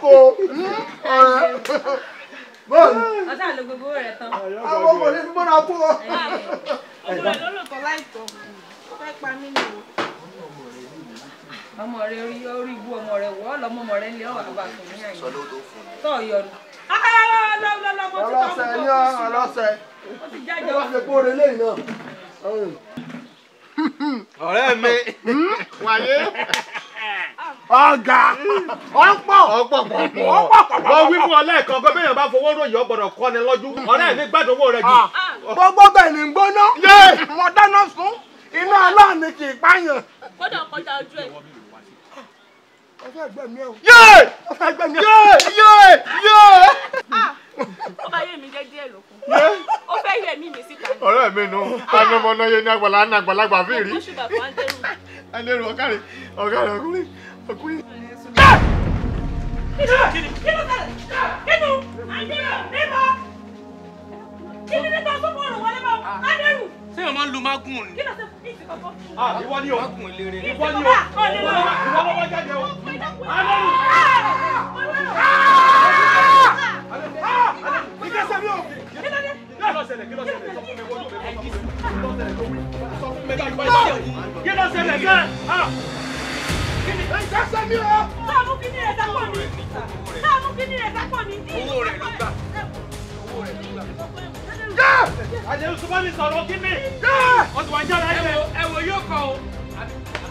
kò ọ̀rẹ́ bọ́ọ̀lù. ọ̀sán ló gbogbo rẹ̀ tán. àwọn ọmọ ní fún bọ́lá kú rẹ̀ lọ́lọ́tọ̀ láìtọ́ fẹ́ pa mí ni o. ọmọ rẹ orí orí ibú ọmọ rẹ wọ́ lọ́mọ ọmọ rẹ lé ọ̀wà bàbá fún mi àyè. tọ́ yọnu. ni ọlọ́sẹ̀. ó ti jájọ. kó o relé náà ọ̀rẹ́ mi. Hmm? wàyé. ọ̀gá ọ̀pọ̀ ọ̀pọ̀ pọ̀pọ̀ mo wí fún ọ lẹ́ẹ̀kan pé bẹ́ẹ̀ bá fowó ròyìn ọgbọ̀dọ̀ kọ́ ni lọ́jú hmm. ọ̀rẹ́ mi gbádùn owó rẹ jù. Ah. gbogbo bẹ́ẹ̀ ni ń gbóná mo dáná sun iná aláàánú kì í pààyàn. kódà kọjá ojú ẹ ọfẹ gbẹmí ẹ o. yéé ọfẹ gbẹmí ẹ o. yéé yéé yéé ó bá yé mi fẹ́ yẹ mí mi síta. ọ̀rẹ́ mi nu anamọ́nà ah. yẹn ní àgbàlá ní àgbàlagbà fi rí. ẹlẹ́rù ọ̀kàrẹ̀ ọ̀kàrẹ̀ ọkùnrin ọkùnrin. kí ló kí ló tẹ̀lé nínú àjẹyọ̀ níbọ̀ kí ni nípa tó fọ̀rọ̀ wọlé bá adẹ́rù. ṣé o máa ń lu mágùn ni. kí ló ṣe fún ìsìnkọ́ fún. Ah, ìwọ ni o mágùn eléré ni. ìwọ ni o ìwọ lọ́wọ́ jáde o. adẹ́rù. Ah! ìgbésẹ̀ mi ò kí ló ṣẹlẹ̀ kí ló ṣẹlẹ̀ sọ fún mi wọ́n tó mi kọ́ sọ fún mi bá gbọ́ ìṣẹ̀lẹ̀ kí ló ṣẹlẹ̀ kẹ́ ìgbésẹ̀ mi ò. sáàmù kìíní rẹ̀ dákọ̀ ni sáàmù kìíní rẹ̀ dákọ̀ ni. owó rẹ̀ ló gbà owó rẹ̀ ló gbà. àdéhùn sọ́mọ́nì sọ̀rọ̀ kí ni. wọ́n ti wá jáde ẹ̀ wò yóò kọ́ o.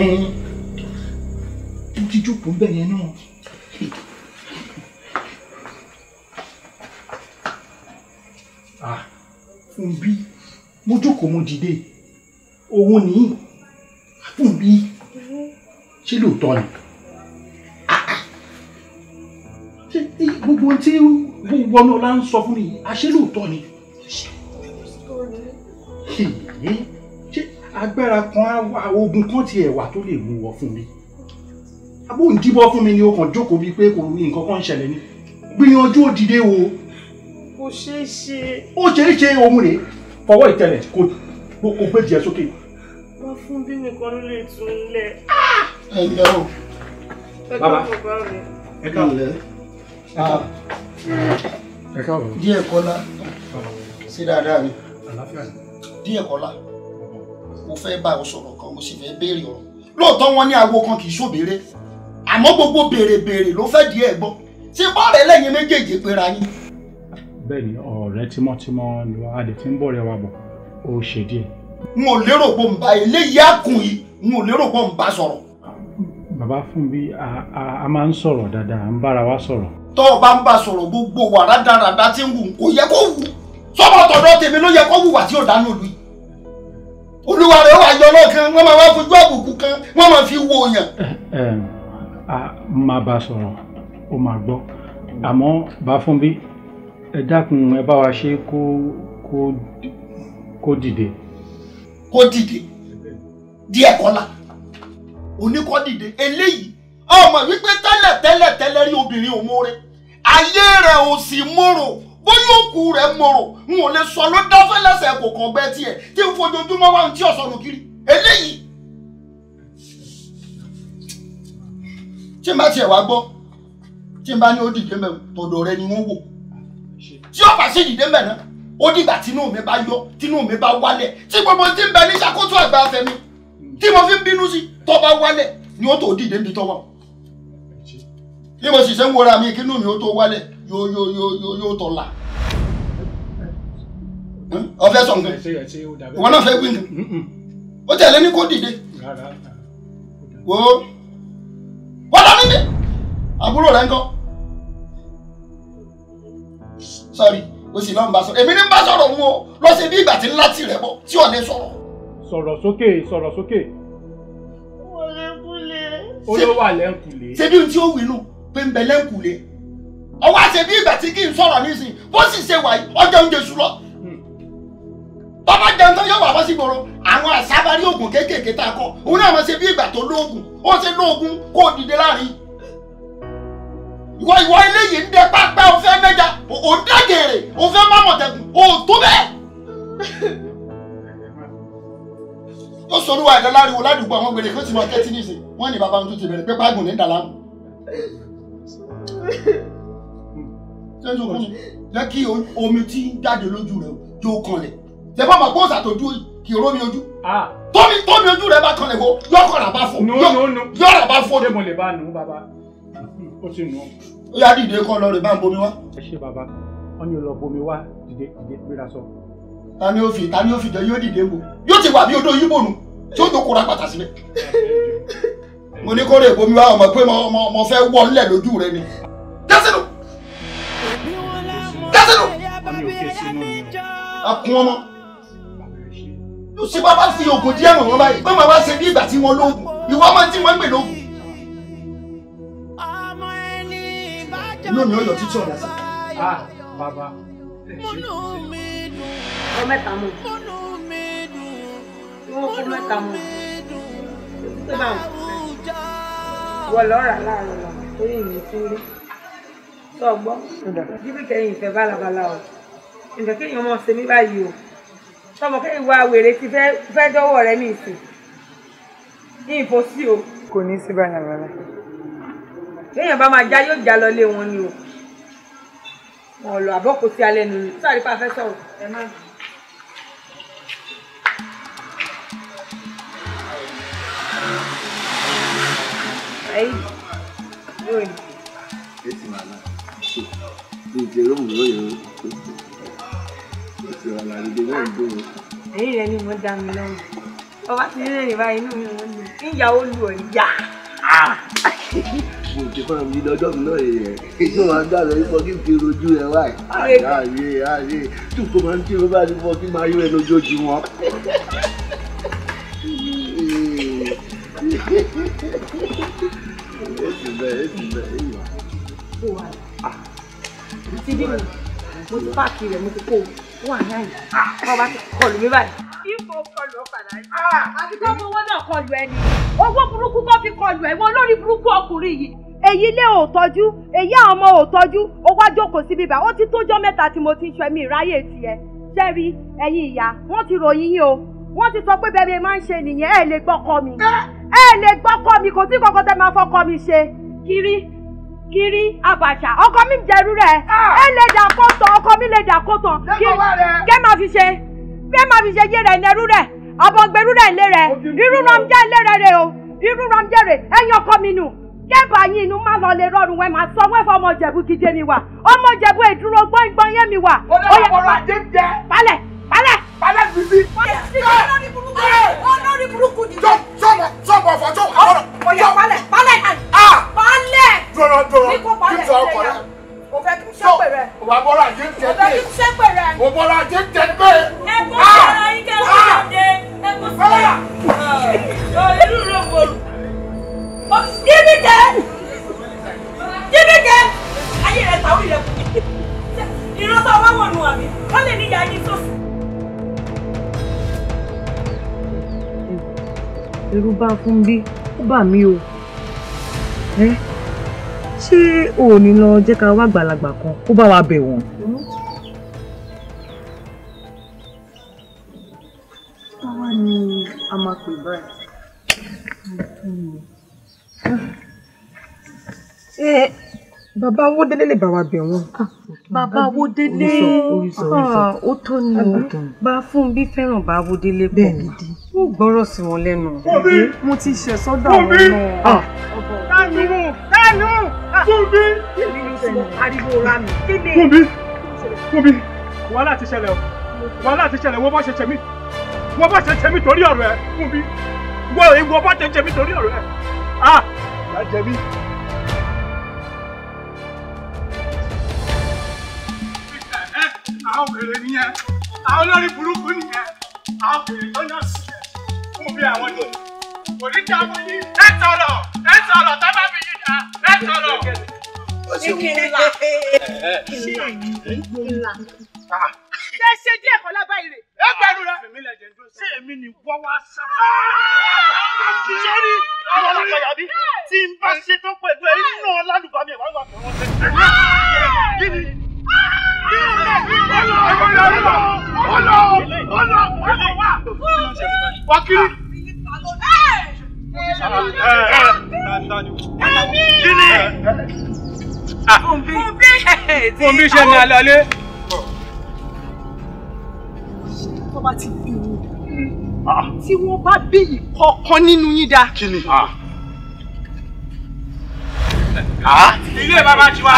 ẹyin tó ti jókòó bẹ́ẹ̀ náà. ah Fúnbí mo jókòó mo dìde òun nìyí Fúnbí ah, ah. ṣé lóòótọ́ ni ṣé gbogbo ohun tí gbogbo ọ̀nà ọ̀la ń sọ fún mi àṣé lóòótọ́ ni ṣé agbára kan ogun kan tiẹ̀ wà tó lè mú wọ fún mi abóhùn díbọ́ fún mi ni o kàn jókòó bíi pé kò ní nǹkan kan ń ṣẹlẹ̀ ni gbìyànjú òdìdé wo ṣeé ṣe. ó ṣe é ṣe òun rèé fọwọ́ ìtẹ̀lẹ̀ kò kò gbé jẹ sókè. wọ́n fún bí nìkan ló lè tún lẹ̀. ẹ ǹlẹ́ o. ẹ káàbọ̀ bá mi. ẹ káàbọ̀. Ah. ẹ káàbọ̀. díẹ̀ kọ́lá sí dáadáa ni. àlàáfíà ni. díẹ̀ kọ́lá mo fẹ́ bá ọ sọ̀rọ̀ kan mo sì fẹ́ béèrè ọ̀rọ̀ lóòótọ́ wọn ní awo kan kì í ṣòbéèrè àmọ́ gbogbo béèrè béèrè ló fẹ́ di ẹ̀ gbọ́ ṣé bọ́ọ̀rẹ́ lẹ́yìn méjèèjì pera yín bẹ́ẹ̀ ni ọ̀rẹ́ tímọ́tímọ́ ni wọ́n á lè fi ń bọ̀ rẹwà bọ̀ ó ṣe díẹ̀. n ò lérò pé n ba eléyìí àkùn yìí n ò lérò pé n bá sọ̀rọ̀. bàbá Fúnbí a máa ń sọ̀rọ̀ dáadáa à ń bára wa sọ̀rọ̀. tọ́ ọ bá ń bá sọ̀rọ̀ gbogbo wà rádaràda tí ń wù kò yẹ kó wù sọ́mọ́ tọ̀dọ̀ tèmi ló yẹ kó wù wá tí ò dánú lu olúwa rẹ̀ wà yọ lọ́kàn wọ́n máa wá fojú àbùkù kan wọ́n máa fi wo yàn. ẹ ẹ máa bá a sọ̀rọ̀ ó máa gbọ́ àmọ́ bá Fúnbí ẹ dákun ẹ bá wa ṣe kó kó kó dìde. kó dìde díẹ̀ kọ́lá oníkọ́ dìde eléyìí ọmọ wípé tẹ́lẹ̀ tẹ́lẹ̀ tẹ́lẹ̀ rí obìnrin òmóore ayé rẹ̀ ò sì mòrò bóyá òkú rẹ̀ mòrò n ò lè sọ ló dáfẹ́ lẹ́sẹ̀ kò kàn bẹ́ẹ̀ tiẹ̀ tí n fojoojúmọ́ wá ohun tí ọ̀sọ̀rọ̀ kiri eléyìí. tí n bá tiẹ̀ wá gbọ́ tí n bá ní ó dìde mẹ́rin tọ̀dọ̀ rẹ ni wọ́n wò tí ọ̀bà sì yìí dé mẹ́rin ó dìgbà tínú mi bá yọ tínú mi bá wálẹ̀ tí gbogbo ti ń bẹ ní ṣàkóso àgbà afẹ́ mi tí mo fi ń bínú sí tó bá wálẹ̀ ni ó tó dìde níbi tọ́wọ́ bí mo sì ṣe ń wọra mi kínú mi ó tó wálẹ̀ yóò yóò yóò yóò tọ̀ la ọfẹ sọ nǹkan ìwọ náà fẹ́ gbìn nǹkan ó tẹ̀lé ní kó dìde wo wọ́n lọ níbi àbúrò rẹ̀ ń kọ́ sọ́rí o sì lọ́n bá sọ̀rọ̀ èmi ní bá sọ̀rọ̀ mu o lọ sí bí ìgbà tí ńlá ti rẹ̀ bọ̀ tí ò ní sọ̀rọ̀. sọ̀rọ̀ sókè sọ̀rọ̀ sókè. olókùlé. olówà lẹ́ǹkùlé. ṣé bí n tí ó wí nù pé ń bẹ lẹ́ǹkùlé ọwọ́ àti ẹbí ìgbà tí kì í sọ̀rọ̀ nísìnyí bó sì ṣe wà yìí ọjọ́ oúnjẹ sùn lọ. bàbá hmm. jẹun tó yọ wà wọ́n gbòòrò àwọn àṣàbárí oògùn kéékèèké tá a kọ òun náà ìwọ ìwọ eléyìí ń dẹ pápá o fẹ́ mẹ́ja o ń dàgèrè o fẹ́ mámọ̀tẹ́kùn o tó bẹ́ẹ̀. ó sọ̀rọ̀ wa ìdáláriwo ládùúgbò àwọn gbèrè kí ó ti máa tẹ́tí níṣe wọ́n ní bàbá wọn tó ti bẹ̀rẹ̀ pé págùn ní dàlámù. jẹ́ kí omi tí ń jáde lójú rẹ̀ yóò kanlẹ̀ jẹ́ bàbá gbọ́sà tó dúró kì í rómi ojú ah. tómi tómi ojú rẹ bá kan lè wo yọkọ làbá fọ yọkọ làbá fọ. ṣé mo lè bá nù ú bàbá ó ti nù ú ó yá dìde kọ́ lọ rè bá ń bomi wá. ẹ ṣe bàbá wọn ni ó lọ bomi wá dìde dìde gbéra sọ. ta ni ó fi ta ni ó fi jẹ yóò dìde wo yóò ti wà bí odó yíbò nù tí ó tó kóra pàtà síbẹ̀. mo ní kó rè bomi wá ọmọ pé mo fẹ́ wọ nílẹ̀ lójú rẹ ni. dásìlò dásìlò. a kún ọmọ yóò ṣe bá bá fi oògùn díẹ̀ ràn wọ́n báyìí pé màá bá ṣe bí ìgbà tí wọ́n lóògùn ìwọ́n máa ń tí wọ́n ń gbè lóògùn. inú ah, mi ò yọ títí ah sí. a bàbá ẹ ṣe ṣe. ọkọ mẹ́ta mọ tí wọn kọ mẹ́ta mọ tó bá wọ lọ́ra láàrin lọ torí ìrìn tí ń rí tó gbọ́ jíbí kẹyìn ìfẹ́ bálabàla o ìfẹ́ kéèyàn ọmọ ṣe mí báyìí o tọmọ kẹyìn wa wèrè ti fẹ́ dọ́wọ́ rẹ ní ìsìn ní ìfọ́sí o. kò ní sí bálabàla téèyàn bá máa já yóò já lọ lé wọn ni o wọn lọ àbọ̀kù sí alẹ́ nu sáré pa fẹ́ sọ̀rọ̀ ẹ má. èyí rẹ ni mo dá mi lọ́wọ́ ọba ti rí rẹ̀ báyìí inú mi ò ń lò níyàwó lu ọ̀ yá. Ah! mo ti fún mi lọ́jọ́ mi náà yẹn èyí wọn á dàbẹ̀ yìí fọ́kí fi rojú ẹ wáyé àyè àyè tí kò máa ń tí ló bá ti fọ́kí máa yọ ẹ lójoojúmọ́. èsì mo ti páàkì rẹ̀ mo ti kó wà ní àyè kọ́ bá ti kọlù mi báyìí. Ifo kọlù ọ yìí. Àti kọ́ mọ owó náà kọlù ẹni. Owó burúkú kọ́ fi kọlù ẹ̀ wọ́n lórí burúkú ọkùnrin yìí èyí lé ò tọ́jú èyí àwọn ọmọ ò tọ́jú ó wá jókòó síbí bá ó ti tójọ́ mẹ́ta tí mo ti ń ṣẹ̀mí ìráyè tiẹ̀ ṣẹ́rí ẹ̀yin ìyá wọ́n ti ròyìn yín o wọ́n ti sọ pé bẹ́ẹ̀ máa ń ṣe nìyẹn ẹ̀ lè gbọ́kọ mi ẹ̀ lè gbọ́kọ mi kò sí kankan tẹ́ máa fọ́kọ mi ṣe kiri kiri abacha ọkọ mi jẹrú rẹ ẹ lè dà kó tán ọkọ mi lè dà kó tán kẹ máa fi ṣe kẹ máa fi ṣe yé rẹ nẹrú rẹ ọbọgbẹrú rẹ lé rẹ irú ramjẹ lé rẹ rẹ o irú ramjẹ rẹ ẹyin ọkọ mi nù kẹ́bà yín inú má lọ lè rọrùn wọn máa sọ wẹ́fọ́ ọmọ jẹ̀bú gidi mi wà ọmọ jẹ̀bú ìdúró gbọ́ngbọ́n yẹn mi wà. ó dára ọ̀rọ̀ ajé jẹ. palẹ̀ palẹ̀. palẹ̀ bìbí. olórí burúkú ni. jọ̀bọ̀ jọ̀bọ̀ fọ jọ̀bọ̀ fọ. ọ̀yà palẹ̀ palẹ̀ náà. Ah! palẹ̀. jọ̀rọ̀ jọ̀rọ̀ kí n sọ ọkọ rẹ. o fẹ́ kí n ṣẹ́pẹ̀ rẹ. o bá bọ́lá ajé jẹ pé. o fẹ́ kí n ṣẹ́pẹ̀ rẹ. o bọ́lá ajé jẹ pé. ẹ kó sọ̀rọ̀ ah! yín kẹ́ Jíbíkẹ́ Jíbíkẹ́ ayé rẹ̀ tàwọn ilẹ̀ kù ìran tó wá wọ̀nù àmì wọ́n lè níyà yín tó sùn. ẹ̀rù bá fún bí ó bà mí o ṣé o ò ní lọ jẹ́ ká wá àgbàlagbà kan kó bá wa bẹ̀ wọ́n. táwa ni a máa pè báyìí. bàbá Owódélé lè bá wa bẹ̀ wọ́n. Ah, bàbá Owódélé ah, ó tó ni o bá Fúnbí fẹ́ràn bá Owódélé pọ̀ ó gbọ́rọ̀ sí wọn lẹ́nu. mo ti ṣẹ̀ sọ́dọ̀ àwọn náà. Ah. dánú dánú Fúnbí. èmi ló sọ ariwo ra mi. Fúnbí Fúnbí wàhálà ti ṣẹlẹ̀ o wàhálà ti ṣẹlẹ̀ wọ́n bá ṣe ṣe mí wọ́n bá ṣe ṣe mí torí ọ̀rọ̀ ẹ̀ Fúnbí wọ́n àwọn wèrè nìyẹn àwọn olórí burúkú nìyẹn àwọn wèrè tó yàn sí ẹ fún bí àwọn lò ní dá yìí. ẹ sọ̀rọ̀ ẹ sọ̀rọ̀ tá bá fi yí dá ẹ sọ̀rọ̀. Ṣé ṣe díẹ̀ kọ́ lábá ìrè? Ẹ gbẹ́rù rẹ̀. Ṣé èmi ni wọ́n wá sábà? Ṣé ní àwọn ọlọ́pàá tí n bá ṣetán pẹ̀lú ẹ̀ nínú ọlálùbami ẹ̀ wá wà fún wọn? wakiri. kini. fúnbí fúnbí ṣe ní alálẹ́. tó bá ti bí wọn tí wọ́n bá bí ìkọ̀ọ̀kan nínú yín dá. kini. Ah. Ah. ilé bàbá tiwa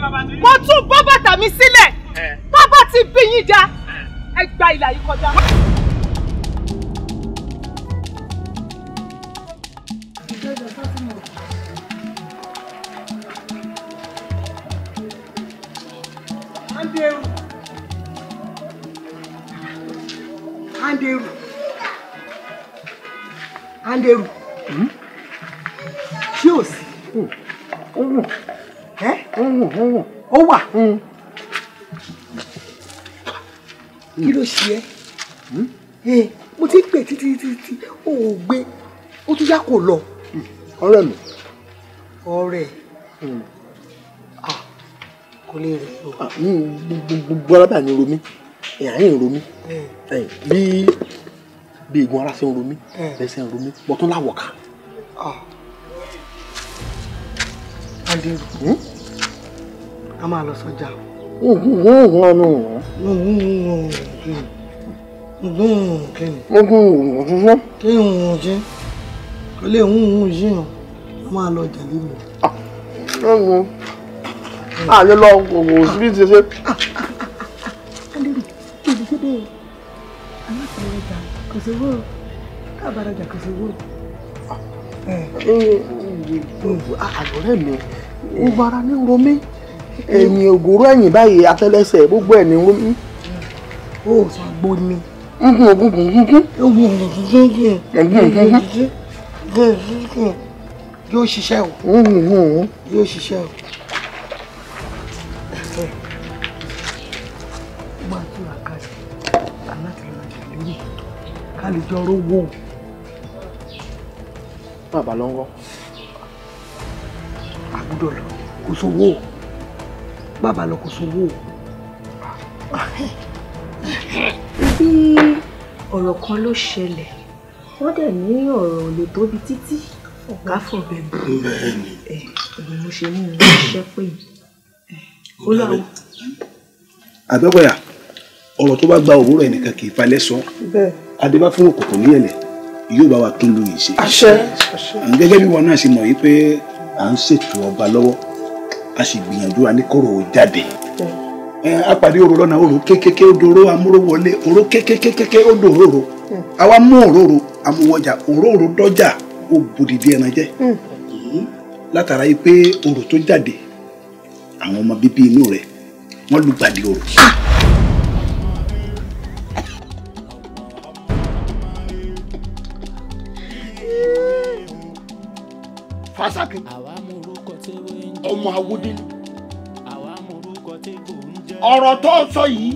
mo tún bọ́ bàtà mi sílẹ̀ tó bá ti bí yín já ẹ gba ìlà yìí kọjá. Andrew. Andrew. Andrew. ó wà hmm. kí ló ṣe ẹ́ hmm? eh, mo ti pè títí títí ó ò gbé ó tún yá kò lọ. Hmm. ọ̀rẹ́ mi. ọ̀rẹ́ kò lè rí o. Ah, gbogbo ara bá romi ẹ̀yìn romi eh. eh, bí bí igun ara ṣe ń romi ẹsẹ̀ ń romi mo láwọ̀ ká. adéró ká máa lọ sọ́jà. ogun ogun ọ̀nà òun. ogun ogun ogun kìnnì. ogun ogun tuntun. kí n wò jí kò lè ń wò yí hàn ká máa lọ ọjà lílo. ọ̀hún àyè lọ òwò síbí ti ṣe. alákọ̀ọ́jà kò sí wúrò kábàárọ̀jà kò sí wúrò. àgọ́rẹ́ mi ó bára ní romi èmi ògòrò ẹ̀yìn báyìí àtẹ́lẹsẹ̀ gbogbo ẹ̀ ni wọ́n mú. ó ni. ogun ogun ogun ogun. ogun ogun ogun ogun yóò ṣiṣẹ́ o. yóò ṣiṣẹ́ o. gbọ́n àti àkàṣe alátìlẹyìn lórí ká lè jọ rówó. bàbá ló ń wọ́. àgùdọ̀ lọ kò sówó o bàbá lọ kó sówó bí ọ̀rọ̀ kan ló ṣẹlẹ̀ wọ́n dẹ̀ ní ọ̀rọ̀ ò lè tóbi títí ọ̀gá fọ̀bẹ̀ bù ẹ̀yìn mo ṣe ní ìwé iṣẹ́ pé ó láwọn. àgbẹ̀wẹ̀yà ọ̀rọ̀ tó bá gba òwúrọ̀ ẹnìkan kì í falẹ̀ sọ adébá fún òkòkò ní ẹ̀lẹ̀ yóò bá wa tún lu ìṣe. àṣẹ. gẹ́gẹ́ bí wọn náà ṣe mọ̀ yìí pé à ń ṣètò ọba lọ́wọ́ a sì gbìyànjú a ní kóró jáde apàdé òrò lọ́nà òrò kékeré odòrò amúrówọlé òrò kékeré odòrò àwa mú òróró amúwọjà òróró dọ́jà ó bodidi ẹran jẹ́ hmm. hmm. látara yìí pé òrò tó jáde àwọn ọmọ bíbí inú rẹ̀ wọ́n lùgbàdì òrò. fàṣàkì ọmọ awódélé ọ̀rọ̀ tó sọ yìí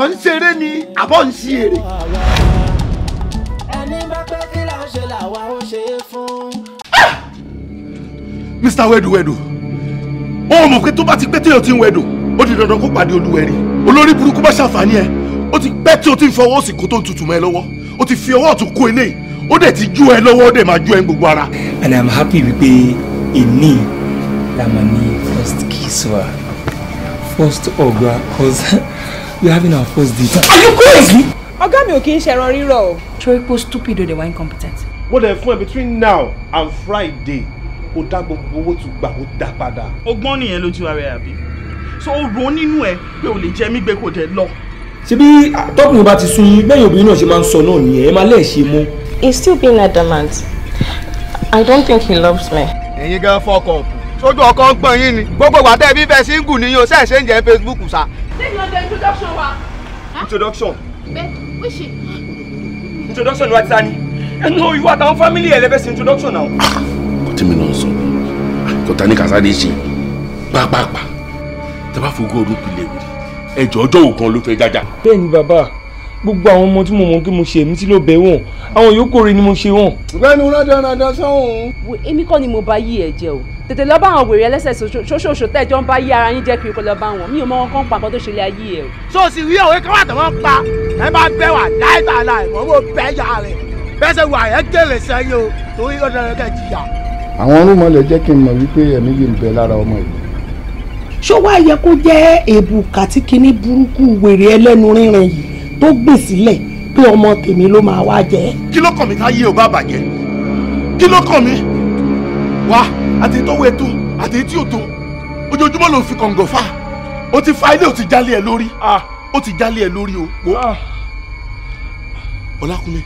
ọ̀ ń ṣeré ni àbọ̀ ń ṣí èrè. ẹni bá pẹ́ kí là ń ṣe làwa ó ṣe é fún. Mr. wẹ́dùwẹ́dù ó mọ̀ pé tó bá ti pẹ́ tí o ti ń wẹ́dù ó di dandan kó pàdé olúwẹ̀rí olórí burúkú bá ṣàǹfààní ẹ ó ti pẹ́ tí o ti ń fi ọwọ́ òsì kó tó ń tutù mọ́ ẹ lọ́wọ́ ó ti fi ọwọ́ ọ̀tún kó eléyìí ó dẹ̀ ti jú ẹ lọ́wọ́ ó dẹ̀ máa jú ẹ ń gbogbo ara. And I'm happy wípé èmi la first kiss wa first hug cause we are having our first date. are you crazy. ọgá mi ò kì í ṣẹran rírọ̀ o. stupid o dey wá incompetent. What the fún between now and Friday o dá gbogbo owó tó gbà ó dá padà. ọgbọ́n nìyẹn lójú ara ẹ so o rò ó nínú ẹ pé o lè jẹ mí gbé kò dé lọ. ṣebí tọkùnrin bá ti sún yín bẹ́ẹ̀ obìnrin náà ṣe máa ń sọ náà nìyẹn ẹ máa lẹ́ẹ̀ ṣe he's still being adamant i don't think he loves me. You ẹ̀yin fuck up? sójú ọkọ ń gbọ̀n yín ni gbogbo wàtẹ́ fífẹ́ síngù ni yóò ṣẹ̀ ń jẹ́ Facebook sa. ṣé ìyọ̀dọ̀ introduction wa. introduction. bẹ́ẹ̀ wíṣì. introduction wa ti ta ni ẹnu ìwà àtàwọn fámìlì ẹ̀ lẹ́fẹ̀ẹ́ sí introduction náà. kò tí mi náà sọ kò tani kàsáde ṣe pápápá tẹ bá fogún ọdún pilẹ̀ wuli ẹjọ́ ọjọ́ òkan ló fẹ́ jájá. bẹ́ẹ̀ bàbá gbogbo àwọn ọmọ tí mo mọ̀ kí mo ṣe èmi tí ló bẹ̀ wọ́n àwọn yòókù rẹ̀ ni mo ṣe wọ́n. ìgbẹ́ni rádaràdà sọ́hùn. èmi kọ́ ni mo bá yí ẹ̀ o tètè lọ bá àwọn wèrè ẹlẹ́sẹ̀ ṣoṣooṣo tẹ́jọ́ ń bá yí ara yín jẹ́ kiri kó lọ bá wọn mi ò mọ wọn kán pa tó ṣe lé ayé ẹ̀ o. so sì rí òwe kan tó máa pa ẹ bá bẹ wà láìta láì mọ bó yà rẹ bẹsẹ wà ẹ gèrè sẹ́yìn o torí ó ṣó wáá yẹ kó jẹ́ èbùkà tí kinní burúkú wèrè ẹlẹ́nu rínrin yìí tó gbè sílẹ̀ pé ọmọ tèmi ló máa wá jẹ. kí ló kàn mí táyé ò bá bàjẹ́ kí ló kàn mí wá àti tó wé tó àti tí ò tó ojoojúmọ́ ló fi kọ̀ǹgọ̀ fà ó ti fa ilé ó ti jálé ẹ lórí ó ah. ti jálé ẹ lórí o wo. Ah. Ọlákúnlé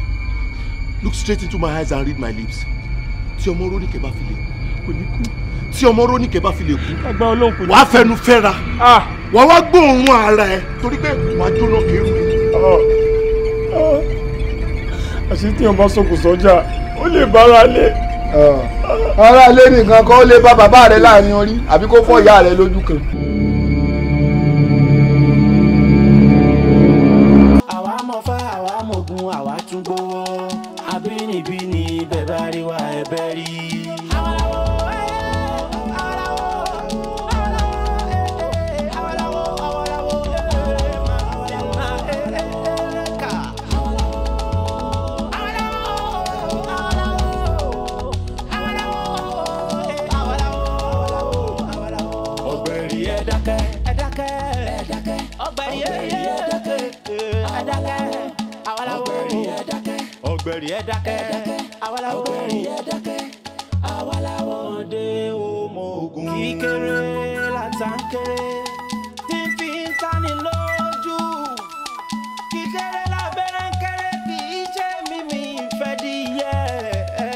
look straight into my eyes and read my lips tí ọmọ Rónìkẹ́ bá fi lè kú tí ọmọ Rónìkẹ́ bá fi lè kú wàá fẹnu fẹ́ra ah. wàá wá gbóòórùn ara ẹ torí pé wàá jóná kéwù. Ah. Ah. àṣé tí wọn bá sọkò sọjà ó lè bára lé. Ah. ara lé nìkan kan ó lè bá bàbá rẹ láàrin orí àbí kó fọ́ ìyá rẹ lójú kan. ẹ̀rí ẹ̀ dákẹ́ awalawo ẹ̀rí ẹ̀ dákẹ́ awalawo ọmọdé ọmọ ogun kíkéré látàkéré tí n fi ń tani lójú kíkéré lábẹ́rẹ́ kéré kì í ṣe mímí ìfẹ́ ẹ ẹ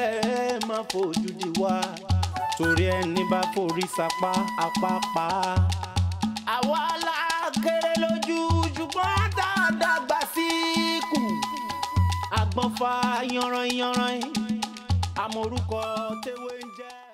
má fojú di wá torí ẹni bá forí sapá apá pa àwa la kéré lójú ṣùgbọ́n dáadáa gbà agbọ́nfà yanran yanran àmọ́ orúkọ tẹ́wé ń jẹ́.